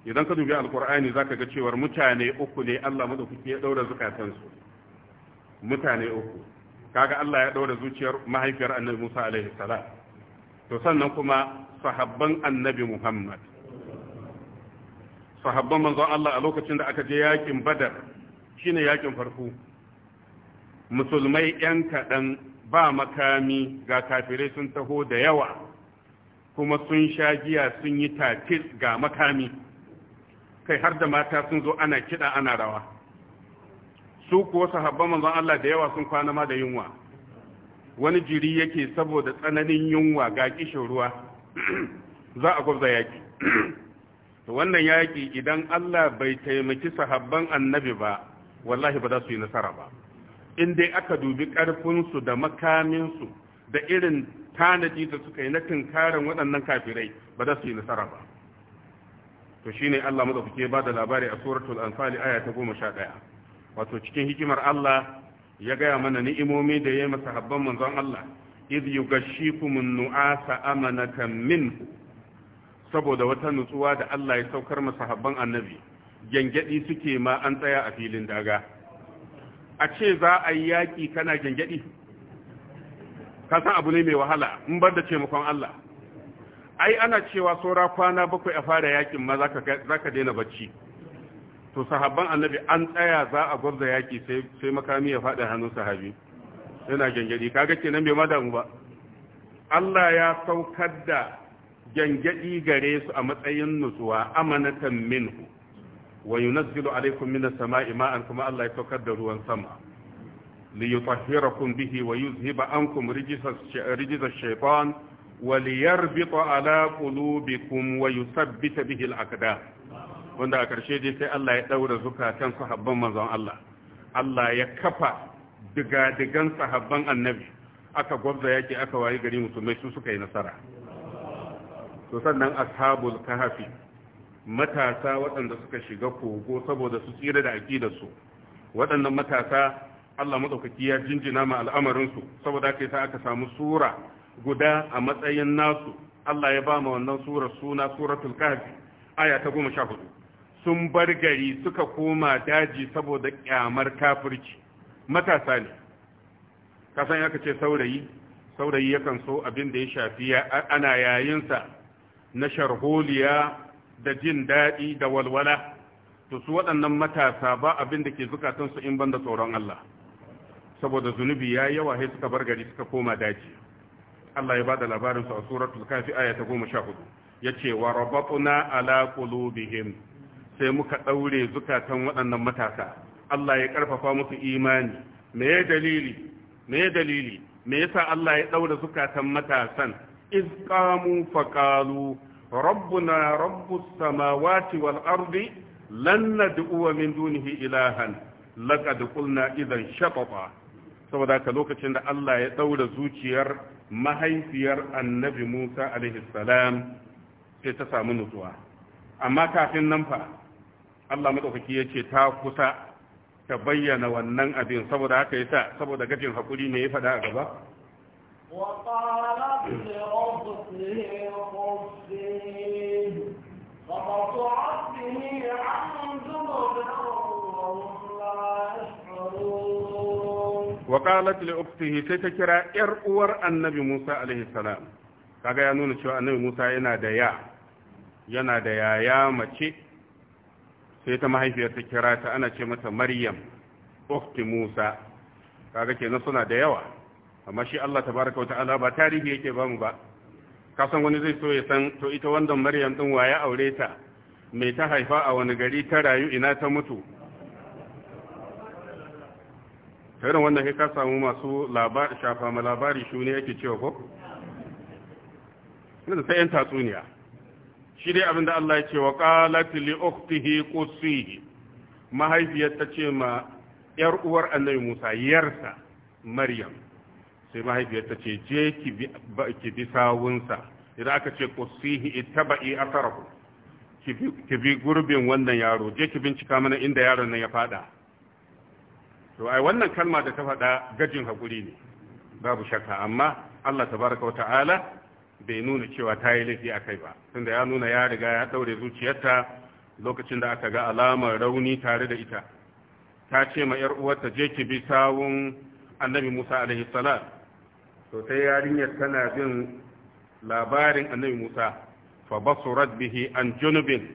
idan ka dubi alqur'ani zaka ga cewar mutane uku ne Allah madaukaki ya ɗaura su mutane uku kaga Allah ya ɗaura zuciyar mahaifiyar annabi Musa alaihi salam to sannan kuma sahabban annabi Muhammad sahabban manzon Allah a lokacin da aka je yakin Badar shine yakin farko musulmai yan kaɗan ba makami ga kafirai sun taho da yawa kuma sun sha giya sun yi tatis ga makami kai har da mata sun zo ana kiɗa ana rawa su kuwa sahabban manzon Allah da yawa sun kwana ma da yunwa wani jiri yake saboda tsananin yunwa ga kishin ruwa [clears throat] za a gwabza yaki [clears throat] wannan yaƙi idan Allah bai taimaki sahabban annabi ba wallahi ba za su yi nasara ba in dai aka dubi ƙarfinsu da makaminsu da irin tanadi da suka yi na tunkarin waɗannan kafirai ba za su yi nasara ba to shine Allah madaukake ba da labari a suratul anfal aya ta 11 wato cikin hikimar Allah ya gaya mana ni'imomi da ya yi masa habban manzon Allah iz min nu'asa amanatan min saboda wata nutsuwa da Allah ya saukar masa habban annabi gengedi suke ma an tsaya a filin daga a ce za a yi yaƙi kana gengedi ka san abu ne mai wahala in bar da taimakon Allah ai ana cewa saura kwana bakwai a fara yakin ma zaka ka daina bacci to sahabban annabi an tsaya za a gwabza yaki sai makami ya faɗi hannun sahabi yana gyangyaɗi kaga kenan bai madamu ba Allah ya saukar da gyangyaɗi gare su a matsayin nutsuwa amanatan minhu wa yunazzilu alaikum minas sama'i ma'an kuma Allah ya saukar da ruwan sama li yutahhirakum bihi wa yuzhiba ankum rijza shaytan wa liyarbita ala qulubikum wa yuthabbita bihi al-aqdam wanda a ƙarshe dai sai Allah ya ɗaura zukatan sahabban manzon Allah Allah ya kafa digadigan sahabban annabi aka gwabza yake aka wayi gari musulmai su suka yi nasara to sannan ashabul kahafi matasa waɗanda suka shiga kogo saboda su tsira da aƙidarsu waɗannan matasa Allah maɗaukaki ya jinjina ma al'amarinsu saboda aka sa aka samu sura guda a matsayin nasu Allah ya ba ma wannan sura suna suratul kahfi aya ta goma sha hudu sun bar gari suka koma daji saboda kyamar kafirci matasa ne kasan aka ce saurayi saurayi yakan so abin da ya shafi ana yayinsa na sharholiya da jin daɗi da walwala to su waɗannan matasa ba abin da ke zukatansu in banda tsoron Allah saboda zunubi ya yawa sai suka bar gari suka koma daji Allah ya ba da labarinsu a suratul kafi aya ta goma sha hudu ya ce wa rabatuna ala qulubihim sai muka ɗaure zukatan waɗannan matasa Allah ya ƙarfafa musu imani me ya dalili me ya dalili me yasa Allah ya ɗaure zukatan matasan iz qamu faqalu rabbuna rabbus samawati wal ardi lan nad'u min dunihi ilahan laqad qulna idan shatata saboda ka lokacin da Allah ya ɗaure zuciyar mahaifiyar annabi Musa alaihi salam sai ta samu nutsuwa amma kafin nan fa Allah madaukaki yace ta kusa ta bayyana wannan abin saboda haka yasa saboda gajin hakuri ne ya fada a gaba وقالت لربه ta فقطعت به عن وقالت لأخته ستكرا إرؤور النبي موسى عليه السلام kaga ya nuna cewa annabi Musa yana da ya yana da yaya mace sai ta mahaifiyar ta kira ta ana ce mata maryam ukhti musa kaga kenan suna da yawa amma shi Allah tabaraka wa ta'ala ba tarihi yake ba mu ba ka san wani zai so ya san to ita wannan maryam din ya aure ta Me ta haifa a wani gari ta rayu ina ta mutu irin wannan ka samu masu labari shafa ma labari shune yake cewa ko sai yan tatsuniya shi dai abinda Allah ya ce wa qalati li ukhtihi qussihi mahaifiyar ta ce ma yar uwar annabi Musa yarsa Maryam sai mahaifiyar ta ce je ki bi ki bi sawunsa idan aka ce qussihi ittaba'i atharahu ki bi gurbin wannan yaro je ki bincika mana inda yaron nan ya fada to ai wannan kalma da ta faɗa gajin hakuri ne babu shakka amma Allah tabaraka wa ta'ala bai nuna cewa ta yi laifi a kai ba tunda ya nuna ya riga ya daure zuciyarta lokacin da aka ga alamar rauni tare da ita ta ce ma yar uwarta je ki bi sawun annabi Musa alaihi salat to sai yarinyar tana bin labarin annabi Musa fa basurat bihi an junubin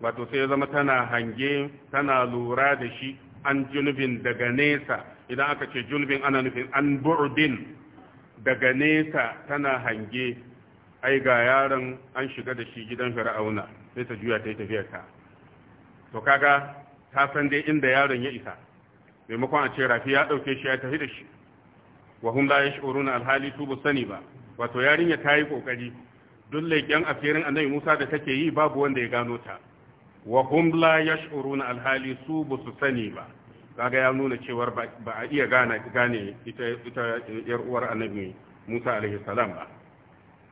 wato sai zama tana hange tana lura da shi an junubin daga nesa idan aka ce junubin ana nufin an bu'din daga nesa tana hange ai ga yaron an shiga da shi gidan fir'auna sai ta juya ta yi tafiyar ta to kaga ta san dai inda yaron ya isa maimakon a ce rafi ya dauke shi ya tafi da shi wa hum la yash'uruna alhali tubu sani ba wato yarinya ta yi kokari duk leƙen asirin annabi Musa da take yi babu wanda ya gano ta wa hum la yash'uruna alhali su busu sani ba kaga ya nuna cewa ba a iya gane ita ita yar uwar annabi Musa alaihi salam ba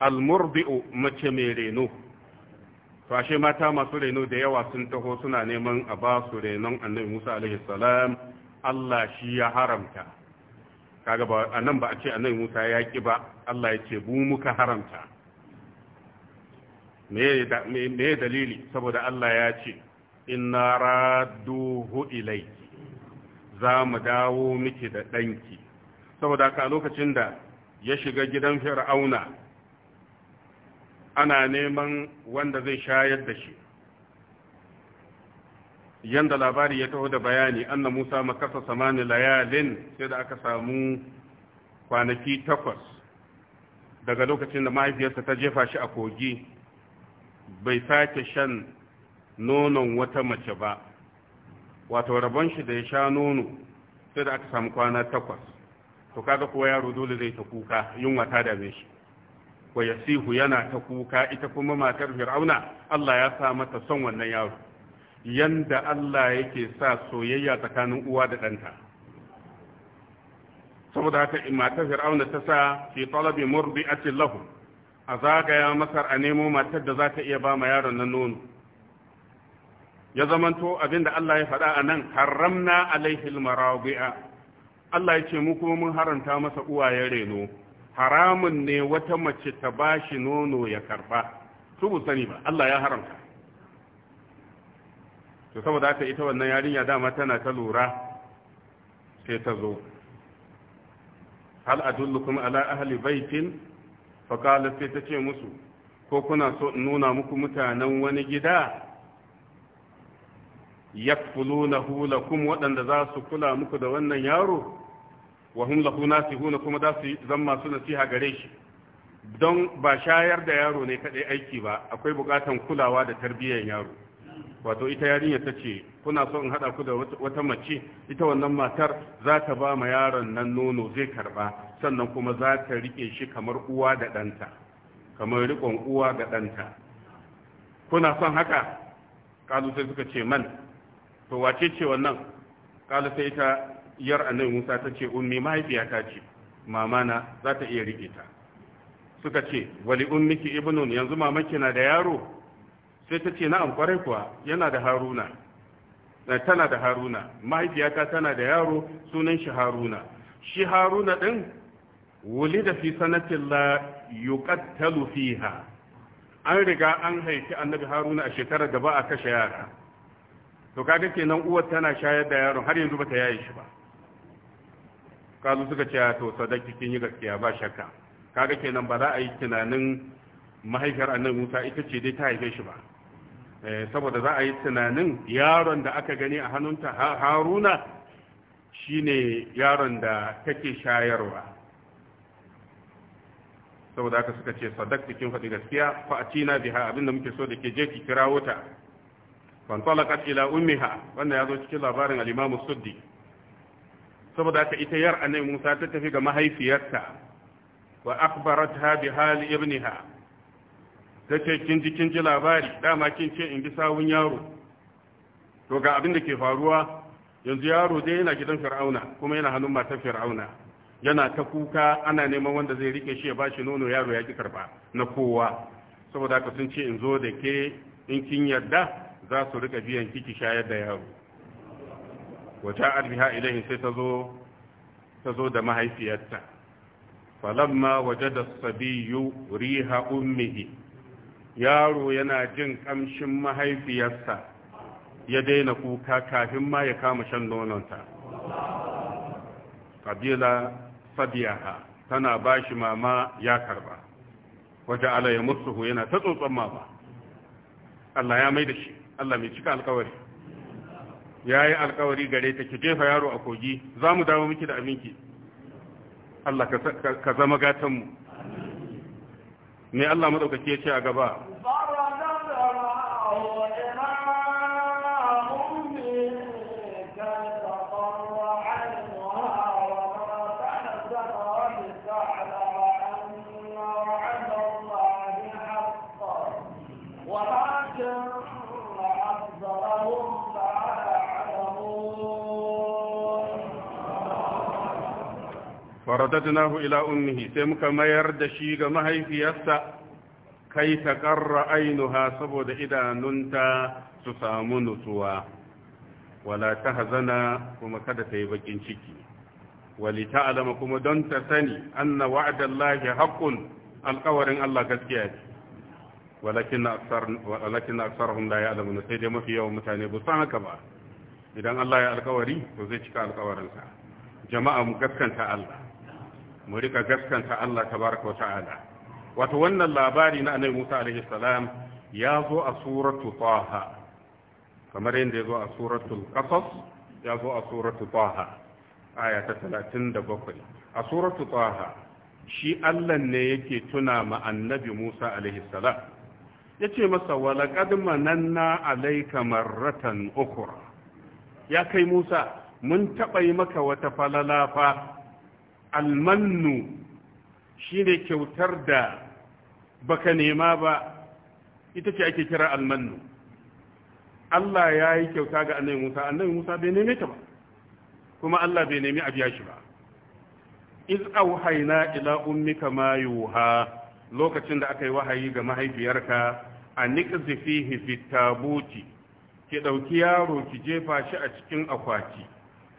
almurbi'u mace mai reno to mata masu reno da yawa sun taho suna neman a ba su renon annabi Musa alaihi salam Allah shi ya haramta kaga ba nan ba a ce annabi Musa ya ki ba Allah ya ce bu muka haramta me me dalili saboda Allah ya ce inna raduhu ilayki za mu dawo miki da ɗanki saboda ka lokacin da ya shiga gidan fir'auna ana neman wanda zai shayar da shi yanda labari ya taho da bayani anna musa makasa samani layalin sai da aka samu kwanaki takwas daga lokacin da mahaifiyarsa ta jefa shi a kogi bai sake shan nonon wata mace ba wato rabon shi da ya sha nono sai da aka samu kwana takwas to kaga kuwa yaro dole zai ta kuka yunwa ta dame shi wa yasihu yana ta kuka ita kuma matar fir'auna Allah ya sa mata son wannan yaro yanda Allah yake sa soyayya tsakanin uwa da ɗanta saboda haka matar fir'auna ta sa fi talabi murdi'atin lahu a zagaya masar a nemo matar da za ta iya ba ma yaron nan nono ya zamanto abinda Allah ya faɗa a nan haramna alaihi almarabi'a Allah ya ce mu kuma mun haranta masa uwa ya reno haramun ne wata mace ta bashi nono ya karba su bu sani ba Allah ya haramta to saboda haka ita wannan yarinya dama tana ta lura sai ta zo hal adullukum ala ahli baitin fa qala sai ta ce musu ko kuna so in nuna muku mutanen wani gida yakfulunahu lakum waɗanda za su kula muku da wannan yaro wa hum lahu nasihuna kuma za su zan masu nasiha gare shi don ba shayar da yaro ne kadai aiki ba akwai bukatan kulawa da tarbiyyar yaro wato ita yarinya ta ce kuna so in hada ku da wata mace ita wannan matar za ta ba ma yaron nan nono zai karba sannan kuma za ta rike shi kamar uwa da ɗanta kamar rikon uwa ga ɗanta kuna son haka kalu sai suka ce man to wace ce wannan kalu sai ita yar annabi Musa ta ce ummi mahaifiyata ce mama na za ta iya rike ta suka ce wali ummiki ibnun yanzu mamaki na da yaro sai ta ce na'am kwarai kuwa yana da haruna eh, tana da haruna mahaifiyata tana da yaro sunan shi haruna shi haruna din Wuli da fi sanatin la yuqattalu fiha an riga an haifi annabi haruna a shekarar da ba a kashe yara to kaga kenan uwar tana shayar da yaron har yanzu bata yaye shi ba kalu suka ce to sadaki kin yi gaskiya ba shakka kaga kenan ba za a yi tunanin mahaifiyar annabi Musa ita ce dai ta haife shi ba eh, saboda za a yi tunanin yaron da aka gani a hannunta Haruna shine yaron da take shayarwa saboda haka suka ce sadakta kin faɗi gaskiya fa atina biha abinda muke so da ke je ki kirawo ta fantalaqat ila ummiha wannan zo cikin labarin al-Imam Suddi saboda haka ita yar annabi Musa ta tafi ga mahaifiyarta wa akhbaratha bi hali ibniha tace kin ji kin ji labari dama kin ce in bi sawun yaro to ga abin da ke faruwa yanzu yaro dai yana gidan fir'auna kuma yana hannun matar fir'auna yana ta kuka ana neman wanda zai rike shi ya bashi nono yaro ya ki karba na kowa saboda haka sun ce in zo da ke in kin yarda za su rika biyan kiki shayar da yaro وجاءت بها sai ta zo da mahaifiyarta. فيتا waje da Sabiyu riha ummihi yaro yana jin kamshin mahaifiyarsa ya daina kuka kafin ma ya kama shan nononta ƙabila sabiyaha tana ba shi mama ya karba waje ala ya musuhu yana ta tsotson mama Allah ya mai da shi Allah mai cika alkawari ya yi alkawari gare ta ki jefa yaro a kogi za mu dawo miki da aminki Allah ka zama gatanmu ne Allah maɗaukaki ya ce a gaba faradadnahu ila ummihi sai muka mayar da shi ga mahaifiyarsa kai ta karra ainuha saboda idanunta su samu nutsuwa wala ta hazana kuma kada ta yi bakin ciki wali alama kuma don ta sani anna wa'adallahi haqqun alƙawarin Allah gaskiya ce walakin aksar walakin aksarhum la sai dai mafi yawan mutane ba san haka ba idan Allah ya alƙawari to zai cika alƙawarinsa jama'a mu gaskanta Allah mu rika gaskanta Allah tabaraka wa ta'ala wato wannan labari na annabi Musa alaihi salam ya zo a suratu Taha kamar yadda ya zo a al Qasas ya zo a suratu Taha aya ta 37 a suratu Taha shi Allah ne yake tuna ma annabi Musa alaihi salam yace masa walaqad mananna alayka marratan ukhra ya kai Musa mun taɓa yi maka wata falalafa almannu shi ne kyautar da baka nema ba ita ce ake kira almannu Allah ya yi kyauta ga annabi Musa annabi Musa bai neme ta ba kuma Allah bai nemi a biya shi ba iz auhayna ila ummika ma yuha lokacin da aka yi wahayi ga mahaifiyarka a fihi fit tabuti ki dauki yaro ki jefa shi a cikin akwati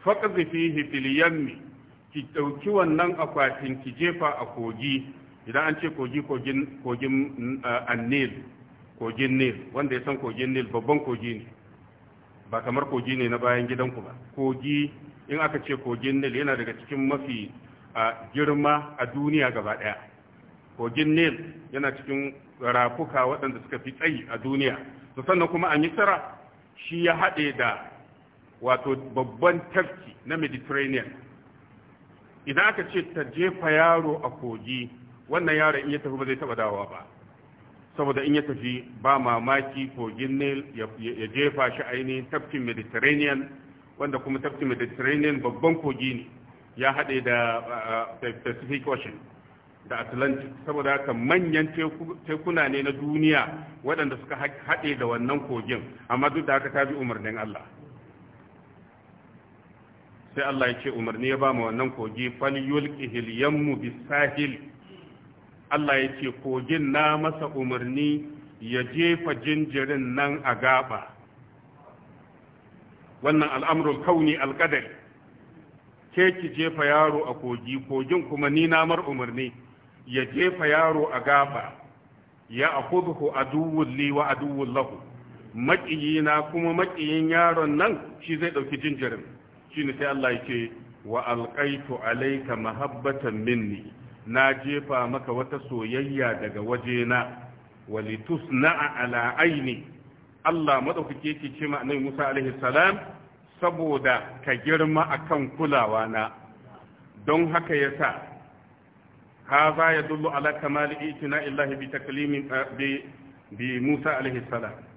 faqzi fihi fil yammi ki ɗauki wannan akwatin ki jefa a kogi idan an ce kogi kogin eh, annil kogin nil wanda ya san kogin nil babban kogi ne ba kamar kogi ne na bayan gidanku ba kogi in aka ce kogin nil yana daga cikin mafi eh, girma a duniya gaba ɗaya kogin nil yana cikin rafuka waɗanda suka fi tsayi a duniya to sannan kuma an yi tsara shi ya haɗe da wato babban tafki na mediterranean idan aka ce ta jefa yaro a kogi wannan yaro in ya tafi ba zai taba dawowa ba saboda in ya tafi ba mamaki kogin ne ya jefa shi aini tafkin mediterranean wanda kuma tafkin mediterranean babban kogi ne ya haɗe da pacific ocean da atlantic saboda haka manyan tekuna ne na duniya waɗanda suka haɗe da wannan kogin amma duk da haka ta bi umarnin allah sai Allah ya ce umarni ya ba mu wannan kogi fal yulqihil yammu bisahil Allah ya ce kogin na masa umarni ya jefa jinjirin nan a gaba wannan al'amrul kauni alqadari ke ki jefa yaro a kogi kogin kuma ni namar umarni ya jefa yaro a gaba ya akhudhu aduwwul li wa aduwwul lahu maƙiyina kuma maƙiyin yaron nan shi zai ɗauki jinjirin shine sai Allah yake wa alqaitu alayka mahabbatan minni na jefa maka wata soyayya daga wajena walitusna'a ala aini Allah madaukake yake ce ma annabi Musa alaihi salam saboda ka girma akan kulawa na don haka yasa هذا يدل على كمال ائتناء الله بتكليم Musa عليه السلام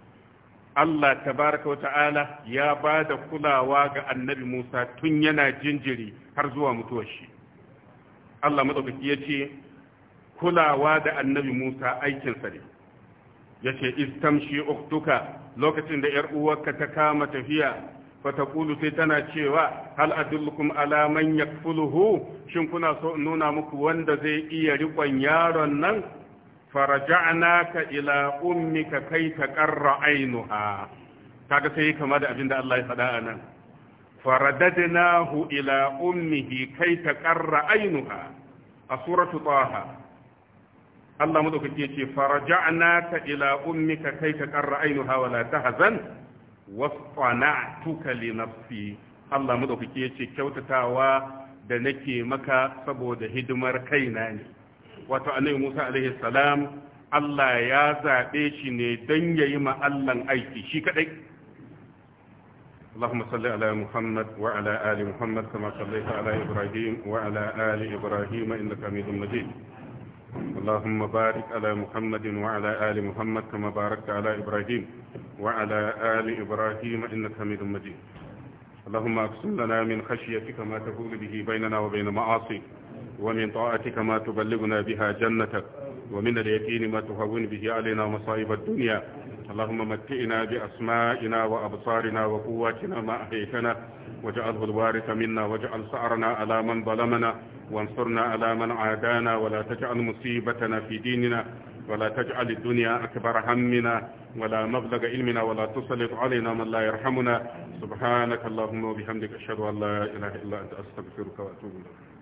Allah tabaraka wa ta'ala ya ba da kulawa ga annabi Musa tun yana jinjiri har zuwa mutuwar shi. Allah maɗaukaki ya ce, kulawa da annabi Musa aikinsa ne. Ya ce, istamshi uktuka lokacin da ‘yar uwarka ta kama tafiya, fatakulu sai tana cewa, hal adullukum alaman ya fuluhu, shin kuna so nuna muku wanda zai iya riƙon yaron nan? faraja'naka ila ummika kai taqarra ainuha kaga sai kama da abinda Allah ya faɗa anan faradadnahu ila ummihi kai taqarra ainuha a suratu taha Allah madaukake yace faraja'naka ila ummika kai taqarra ainuha wala tahzan wasqana'tuka li nafsi Allah madaukake kyautatawa da nake maka saboda hidimar kaina ne wato annabi Musa alaihi salam Allah ya zaɓe shi ne don ya yi ma'allan aiki shi kaɗai. اللهم صل على محمد وعلى آل محمد كما صليت على إبراهيم وعلى آل إبراهيم إنك حميد مجيد اللهم بارك على محمد وعلى آل محمد كما باركت على إبراهيم وعلى آل إبراهيم إنك حميد مجيد اللهم أقسم لنا من خشيتك ما تقول به بيننا وبين معاصيك ومن طاعتك ما تبلغنا بها جنتك ومن اليقين ما تهون به علينا مصائب الدنيا اللهم متئنا بأسمائنا وأبصارنا وقواتنا ما أحيتنا واجعله الوارث منا واجعل سعرنا على من ظلمنا وانصرنا على من عادانا ولا تجعل مصيبتنا في ديننا ولا تجعل الدنيا أكبر همنا ولا مبلغ علمنا ولا تسلط علينا من لا يرحمنا سبحانك اللهم وبحمدك أشهد أن لا إله إلا أنت أستغفرك وأتوب إليك